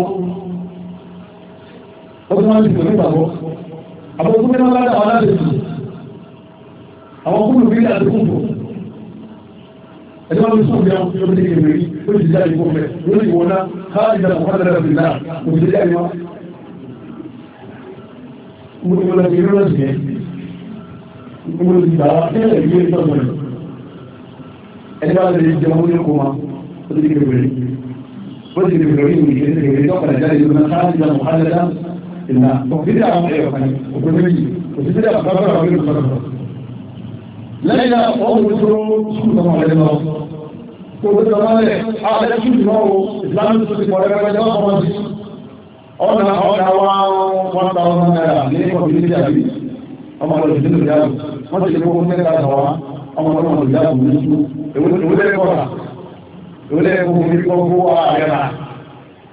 ó tún máa ń dìbò nígbàgbọ́ àwọn àwọn kúrò bí láti kún fún ẹni wọn bí sọ̀rọ̀ bí ó ti jáde lórí ìwọ̀n náà káàdì ìjà kó fẹ́ lẹ́rẹ̀ bìnnà gbogbo lọ sí rírọ̀sì yẹn gbogbo ti gbà wá nílẹ̀ ìlú ìtọ́ sọ̀rọ̀ ẹni bá lè jẹun ní kó ma ó ti kékeré ó ti kékeré ní ìwé ní ìwé lọ́kọ̀ọ̀dà jáde ló máa sáà nígbà mọ̀ hálẹ́dá ìlà òfìdí àwọn ẹ̀yọ̀ kan òfin méjì òfìdí àwọn bàbá àwọn ẹ̀yọ̀ kan lẹ́yìn náà wọ́n mú tó sùkúrù kan wọlé lọ gbogbo tó wọlé àwọn ẹ̀yọ̀ sùkúrù náà wọ ìsìlámù tó ti pọ̀ ọ̀nà ọ̀nà wa one thousand naira ní community àbí ọmọ ọlọ́dún nínú ìyáàbò wọ́n ti lè kó ten thousand wa ọmọ ọlọ́dún ìyáàbò ní sùn ìwúlẹ̀ kọ́ra ìwúlẹ̀ kó fi kọ́ kó wà àyàrá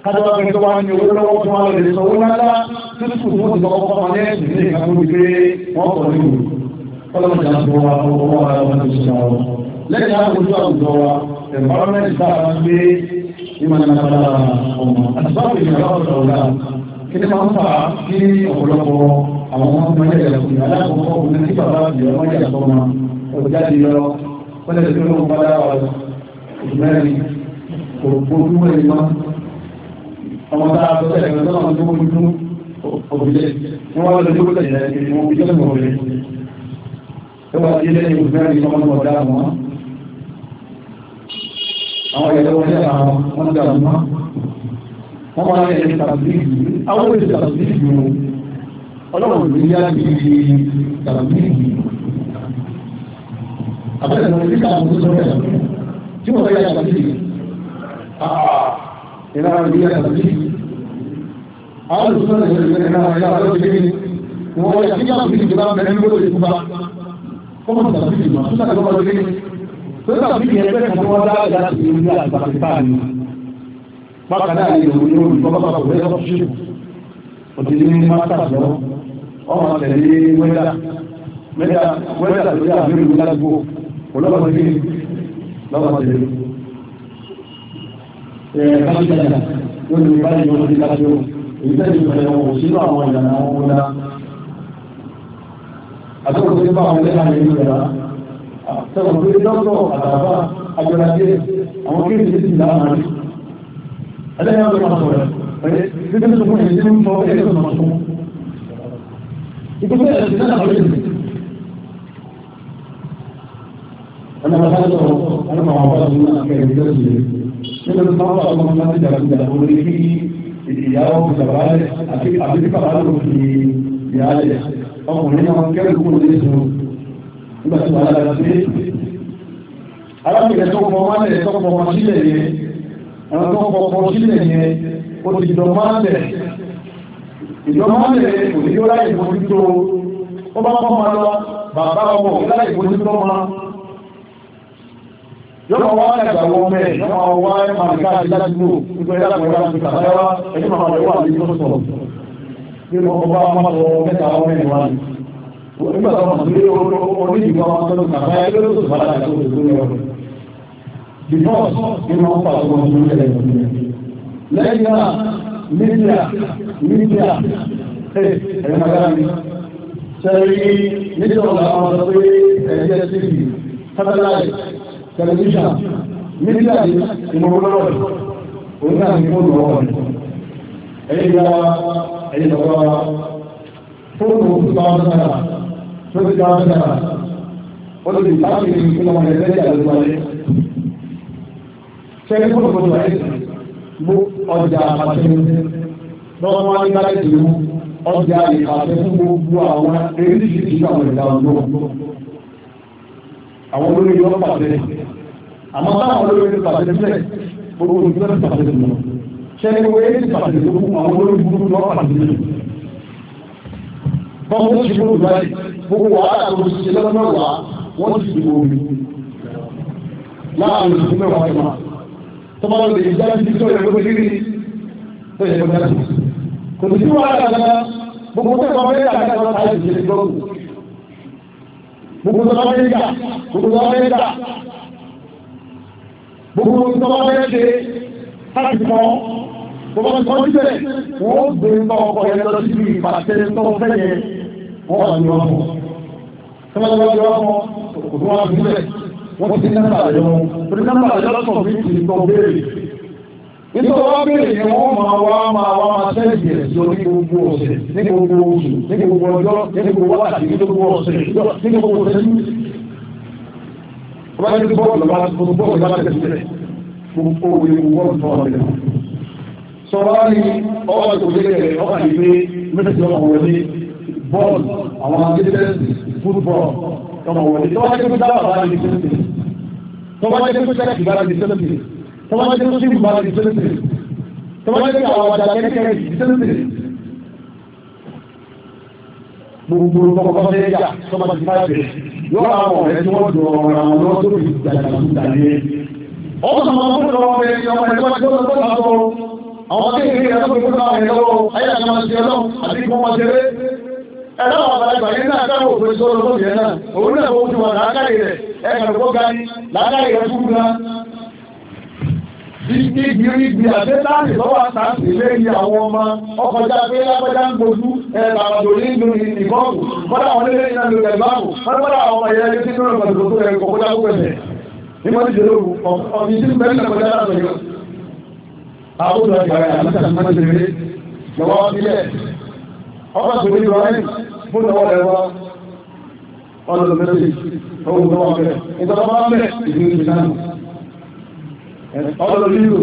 kájọba pẹ̀lú tó wá ní owó lọ́wọ́ fún wa lè sọ owó lálá títí kù fún ìgbà ọkọ̀ wọn ní ẹ̀sìn ní ìgbà tó gbé wọn kọ̀ ní òru ọlọ́run ìjà tó wà owó wa lọ́wọ́ lẹ́yìn àkójọ àwùjọ wa environment tá a máa ń gbé لمن نفلا أمة أسباب الجراءة الأولاد كده ما أنفع في أولوكو أو ما أنفع يلكم ألا أخوكو من كبارات يوم يلكم وجاد يلو ولا تكونوا بلا إجمالي وقودوا لما أما تعالى تسألك نظام أنتم وجدوا وبدأت وما لديكم تجلال وبدأت وبدأت وبدأت وبدأت وبدأت وبدأت وبدأت àwọn ìyẹ̀dẹ̀ wọn yára wọn dà mọ́ wọ́n máa ń yẹ tàbílì àwọn èdè tàbílì o ọlọ́run ní yá ní tàbílì àbẹ́rẹ́ wọn ní káwọn tó sọ bẹ́ẹ̀ tí wọ́n yá tàbílì ah, ìlànà ní yá tàbílì àwọn olùsọ́ náà yẹ ìlànà yá tàbílì wọ́n yá tàbílì tó bá bẹ̀rẹ̀ ní wọ́n lè fún bá kọ́mọ̀ tàbílì mọ̀ tó sàkọ́mọ̀ tàbílì Sọ́dọ̀ bí ẹgbẹ́ kan tó wọ́n dá láti ìlú àti Pakistan ni. Bákan náà ni òun yóò gbọ́ bá bàbá ẹ̀rọ ṣíṣù. Òtí ní Masters lọ́wọ́. Ọmọ tẹ̀lé wẹ́dà. Wẹ́dà wẹ́dà lórí àbúrò ìlú ládùúgbò. Olọ́mọ ní lọ́wọ́ tẹ̀lé. Ẹ̀ẹ́ Kájíjà yóò lè bá ìlú ọdún láti ó. Èyí tẹ̀lé ìfẹ́ wọn kò sínú àwọn ìlànà wọn wọlá. Àtọ́kùn sọ̀rọ̀ pé dọ́kọ̀ àtàbà àjọ̀lájẹ́ àwọn kéèkì ti là á rí ẹlẹ́yìn ọ̀rọ̀ máa sọ̀rọ̀ ẹ̀ títí tó fún ẹ̀yìn tó ń fọ ẹ̀yìn tó máa fún ìpínlẹ̀ ẹ̀sìn náà lórí ẹ̀sìn ẹ̀nà bàbá sọ̀rọ̀ ẹ̀nà bàbá bá sọ̀rọ̀ náà kẹ̀yìn tó sì lè nínú tó máa sọ̀rọ̀ máa ti dàgbà dàgbà lórí kí ìyàwó bàbá rẹ̀ àti àbíkà bá lò fi ìyá rẹ̀ ọkùnrin náà kẹ́rù kúrò ní ìṣòro nígbà tí wàhálà rẹ̀ dé alábìrẹ̀ tó pọ̀ mọ́lẹ̀ tó pọ̀ mọ́ sílẹ̀ yẹn àwọn tó pọ̀ mọ́ sílẹ̀ yẹn ó ti dọ̀ mọ́lẹ̀ ìdọ́mọ́lẹ̀ kò ní yóò láì mójútó ó bá kọ́ máa lọ bàbá ọmọ láì mójútó máa yọ́pọ̀ wá ẹgbà wọ́n mẹ́ yọ́pọ̀ wá ẹgbà nígbà ìdájúgbò ìgbà ìdájúgbò ìgbà ìdájúgbò ìgbà ìdájúgbò ìgbà ìdájúgbò ìgbà ìdájúgbò ìgbà ìdájúgbò ìgbà ìdájúgbò ìgbà ìdájúgbò ìgbà ìdájúgbò ìgbà ìdájúgbò ìgbà ìdájúgbò nígbà tó mọ̀ sí onídìbò àwọn tó ń kàbá ẹgbẹ́ tó bá láti tó tó lọ. Bìbọ́s ni wọ́n pa ọmọ ọdún lẹ́yìn ọdún. Lẹ́yìn náà, mídíà, mídíà, ẹ̀rọ magá mi. Sẹ́rí mídíà ọ̀la àwọn ọ̀dọ́ pé ẹ̀jẹ̀ TV, satellite, television, mídíà ni ìmọ̀lọ́rọ̀ òun náà ni fóònù tó ti dáa dára ó lè bá mi ní kí lọ́mọdé lẹ́yìn àlejò ayé ṣe é kó lọ́mọdé ayé mú ọjà àpàtẹ lọ́wọ́ wọn ní láti dùn ọjà ìpàtẹ fún gbogbo àwọn eréṣìṣì àwọn ìlà ọ̀dọ́ àwọn olórí yọ pàtẹ àmọ́ táwọn olórí yọ pàtẹ sílẹ̀ gbogbo olùdókòwò pàtẹ sílẹ̀ ṣe é kó eréṣìṣì fún àwọn olórí burúkú bọ́n wọ́n ti bóòlù báyìí gbogbo wàhálà tó ti ṣe lọ́dún mẹ́wàá wọ́n ti dìbò omi láàrin ìdìbò mẹ́wàá ìmọ̀ tó bá lè jẹ́ ibi tó yẹ gbogbo níbi tó yẹ gbogbo níbi kò sí wàhálà kankan gbogbo tó bá mẹ́ta kankan lọ́ta ìdíje ní gbogbo gbogbo tó bá mẹ́ta gbogbo tó bá mẹ́ta gbogbo tó bá mẹ́ta láti mọ́ gbogbo tó bá mẹ́ta wọ́n gbé ọkọ̀ yẹn lọ wọ́n wà ní wọ́n fún un tí wọ́n ti wọ́n fún un kò tó wọ́n fi lẹ̀ wọ́n ti nẹ́mbà rẹ̀ wọn torí nẹ́mbà rẹ̀ lọ́sọ̀ fi ti sọ béèrè nítorí wọ́n béèrè ni wọ́n máa wá máa wá máa sẹ́ẹ̀dì ẹ̀ sí orí gbogbo ọ̀sẹ̀ ní gbogbo oṣù ní gbogbo ọjọ́ ní gbogbo wákàtí ní gbogbo ọ̀sẹ̀ ní gbogbo ọ̀sẹ̀ ní ọba ní bọ́ọ̀lù bá bọ́ọ̀lù bá tẹ̀sílẹ̀ gbogbo òwe bọ́ọ̀lù tó wà lẹ́nu sọ wá ní ọwọ́ ìkòjẹ́lẹ̀ ọkà ìgbé mẹ́tẹ̀ẹ̀tẹ̀ ọkọ̀ wọlé bọ́ọ̀lù àwọn akẹ́kẹ́sì fútbọ́ọ̀lù tọmọ wọlé tọ́wọ́ jẹ́ pé dáwà bá di sẹ́lẹ̀tì tọ́wọ́ jẹ́ pé sẹ́lẹ̀tì bá di sẹ́lẹ̀tì tọ́wọ́ jẹ́ pé sẹ́lẹ̀tì bá di sẹ́lẹ̀tì tọ́wọ́ jẹ́ pé àwọn àjà kẹ́kẹ́rẹ́ di sẹ́lẹ̀tì. gbogbo ọmọ bá fẹ́ yà tọ́wọ́ ti bá jẹ yọ àwọn ọ̀rẹ́ tí wọ́n dọ̀ ọ̀rọ̀ àwọn lọ́dọ̀ ìgbàlódé ọ̀sán máa ń lọ ọmọ ẹni ọmọ ẹni wọ́n ti lọ́dọ̀ àwọn kékeré ẹ̀rọ ẹ̀lọ́wọ̀ àgbàlagbà yìí náà dáwọ̀ òfin tó lọ́wọ́ yẹn náà òun náà wọ́n ti wà láàkàrí rẹ̀ ẹgbẹ̀rún ga ní láàkàrí rẹ̀ fún gan Ibi ìgbìrí ibi àdétáàlì lọ́wọ́ àtàkì ilé ìyá àwọn ọmọ ọkọjá pé lágbájá ń gbojú ẹ̀rọ àbàdò nínú ìbọ́ọ̀bù. Bọ́dá àwọn ilé ìyá ló rẹ̀ báwò. Bọ́dá àwọn ọmọ ìyá ilé títún ọ̀gbọ̀n tó tó rẹ̀ kọ̀kọ́dá gbẹ̀bẹ̀. Nígbà tí ìjọba ọ̀gbìn tí ń bẹ́ẹ̀ ní ọ̀gbọ̀n láàrín. Àwọn àti àtàkì ọba tó ní ibrahim fún ọwọ́ ẹ̀wọ́ ọdún mẹ́sì ọwọ́ tó wà bẹ̀rẹ̀ ìjọba bá bẹ̀rẹ̀ ìdí ìdí náà ọdún lílo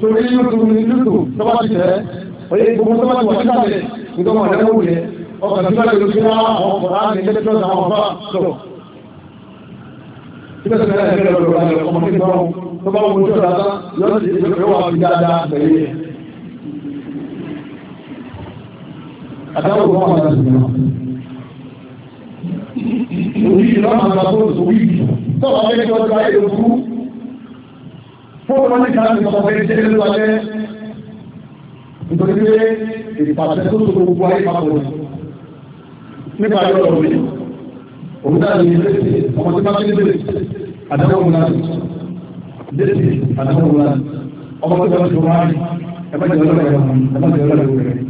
torí yóò tó ní lílo tó bá ti tẹ̀ oyè gbogbo tó bá ti wà sí kàlẹ̀ ìjọba ọ̀dẹ́ wò yẹ ọkàn tó bá ti lókè náà ọkọ̀ láti ilé tó náà ọba sọ. Ibẹ̀ tó bẹ̀rẹ̀ ẹgbẹ̀rẹ̀ ọ̀dọ̀ ọmọ kékeré tó bá wọn tó dáadáa yọ àdáwò wọn wà láti mọ. Òbí náà máa gba fóònù tó wíìgì. Tọ́wọ́ abẹ́rẹ́ tí wọ́n ti ayé lókú. Fóònù wọn ní káàdì sọ̀rọ̀ bẹ́ẹ̀ ṣe lórí wájẹ́. Nítorí pé ìpàṣẹ tó tó gbogbo ayé máa wọ̀ nípa ayé ọ̀rọ̀ mi. Òun náà ní ilé ọmọ tí máa ń bèrè àdáwò wọn láti. Dèsì àdáwò wọn láti. Ọmọ tí wọ́n ti wọ́n á rí. Ẹ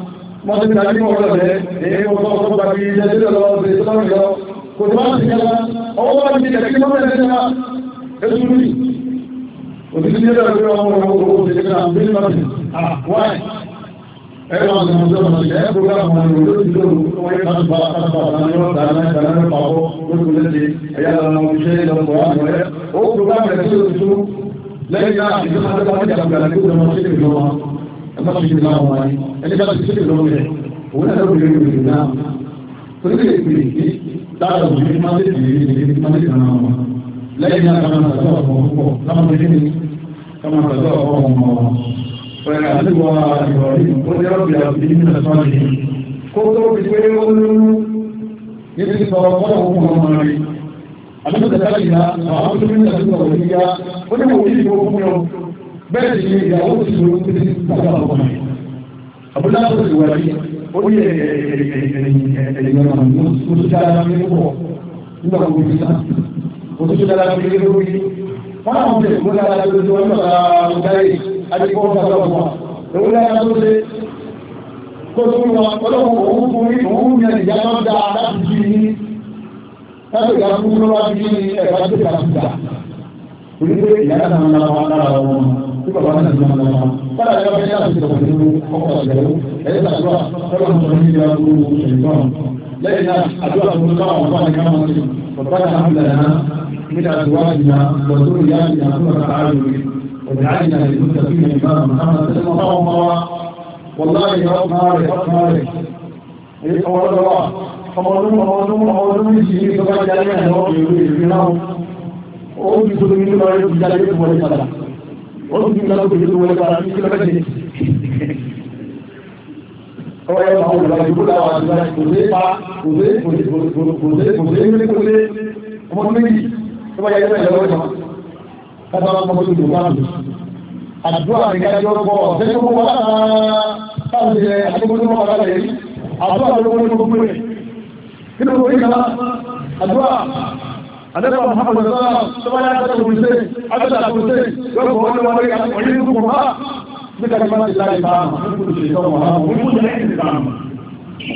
mọ́tí ìdájú ọ̀rọ̀ rẹ̀ èyí ọ̀tọ́ ọ̀tọ́ gbàgbé ìjẹ́jẹ́ lọ sí ìtọ́rọ̀ lọ kò tó máa ń tìjẹ́ lọ ọwọ́ bá ti jẹ́ kí wọ́n mẹ́rin jẹ́ máa ẹ̀sùn rí òtítí jẹ́ lọ sí ọmọ ọmọ ọmọ ọmọ òṣèlú ìjọba tó ọmọ mi ti láwọn wáyé ẹni bá ti sílẹ̀ lọ́wọ́ rẹ̀ òun náà lọ́wọ́ rẹ̀ rẹ̀ náà torí lè pè é lára òun ní máa tètè yé ní ní máa tètè náà wọn lẹ́yìn náà kàmá àtàtà ọmọ púpọ̀ láwọn ọmọ kíni kàmá àtàtà ọmọ ọmọ pẹ̀lú àdúgbò ìrọ̀lẹ́ ó ní ọ̀bì àbí nígbà tó ń yìí kó tó fi pé ó ń lú níbi tí sọ̀rọ̀ kọ́ ọ̀hún ọmọ rẹ̀ àdúgbò tẹ̀lé ìyá àwọn tó ń bẹ́ẹ̀ ni ìyàwó ti sọ pé bàbá ọmọ rẹ̀ àbúlá tó ti wà ní ó yẹ ẹ̀yìn ọmọ mi ó ti dára ní pọ̀ nígbà gbogbo ìgbà ó ti dára ní ilé lórí wọn àwọn ọmọ ìgbà dára ní ojú wọn náà dáre adékọ́ bàbá ọmọ èwo dára tó ṣe kó tó wọn ọlọ́run òun fún mi òun yẹn ìyá náà dá láti jí ní láti ìyá fún mi lọ́wọ́ bí ẹ̀ka tó ti kà sí ìgbà. Onígbé ìyá náà tí bàbá náà ti máa lọ máa kọ́lá ẹ̀rọ bẹ́ẹ̀ láti sọ̀rọ̀ pẹ̀lú ọkọ̀ ìṣẹ̀lú ẹ̀yẹ́ sàdúrà tọ́lá ń sọ̀rọ̀ níbi agbóró ìṣẹ̀lúgbọ̀n lẹ́yìn náà àdúrà tó ń káwọn ọ̀pá ní káwọn ṣe ọ̀pá náà ń bẹ̀rẹ̀ náà nígbà tó wá jìnnà lọ́dún ìyá jìnnà tó lọ́ta àárò وجعلنا للمتقين إماما محمد صلى الله عليه وسلم والله يا رب مالك رب مالك أول الله ọmọdún ọmọdún ọmọdún méjì ní ìjọba jẹ́ àríyànjọ́ ìrìn ìrìnà ó ń bí tó ní lọ́rẹ́ ìjọba jẹ́ ìjọba ó sì ní ìlànà òṣèlú wọlé bára ní kí lọ́pẹ́ àti láti ọmọ méjì tó bá yẹ ẹgbẹ́ ìlọ́wọ́ ní kájọ ọgbọ ọ̀sẹ̀ tó wọ́n wá àdúrà Adébà Muhammad Sọ́lá tó bá yá tẹ́lẹ̀ òṣè, Adébà òṣè, yóò kọ́ wọ́n lọ́wọ́ lórí ọ̀yẹ́ ikú kò máa. Bí kàkí máa ti láì bá àwọn olùkùnrin ṣe ìtọ́wọ̀ àwọn olùkùnrin ṣe ìtọ́wọ̀.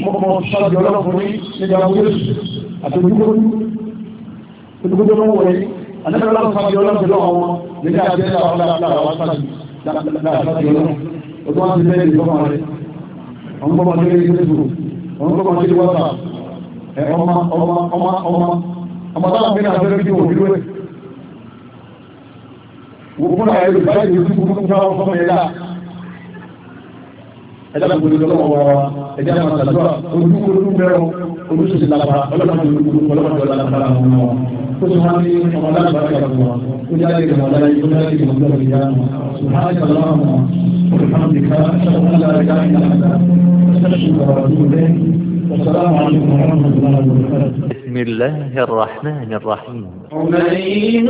Mo mọ sọ́jọ́ ọlọ́kùnrin nígbà wọlé àti olùkùnrin. Olùkùnrin tó wọ̀ yìí, Adébà Muhammad sọ́jọ́ ọlọ́kùnrin lọ́wọ́ wọn nígbà tí ó wà lára wọn sáájú. Ọjọ́ wọn ti lẹ́yìn ìtọ́wọ̀ rẹ̀. Ọmọ ọmọ ọmọ ọmọ ọmọ ọmọ àmọ́tàwọn mẹ́rin àfẹ́rẹ́ bí òbí lóẹ̀ wọ́n náà ẹ̀rọ ìbáyìí ojú kúrú fáwọn fọ́mọ ẹ̀dá ẹ̀dá lọ́gbọ̀dọ̀ lọ́wọ́ wa ẹ̀dá máa tàdúrà ojú kúrú mẹ́rọ olóṣèṣì lápá ọlọ́dún olùkúrú ọlọ́dún lápára wọn wọn ó sì máa ń ní ọmọ lágbára yàrá wọn ó jáde ìgbìmọ̀ láyé ó jáde ìgbìmọ̀ lọ́wọ́ ìyá wọn sùn بسم الله الرحمن الرحيم حنين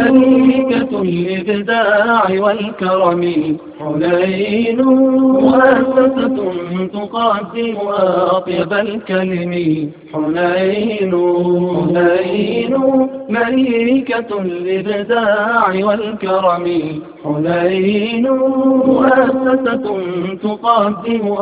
ملكة الإبداع والكرم حنين مؤسسة تقدم أطيب الكلم حنين حنين ملكة الإبداع والكرم حنين مؤسسة تقدم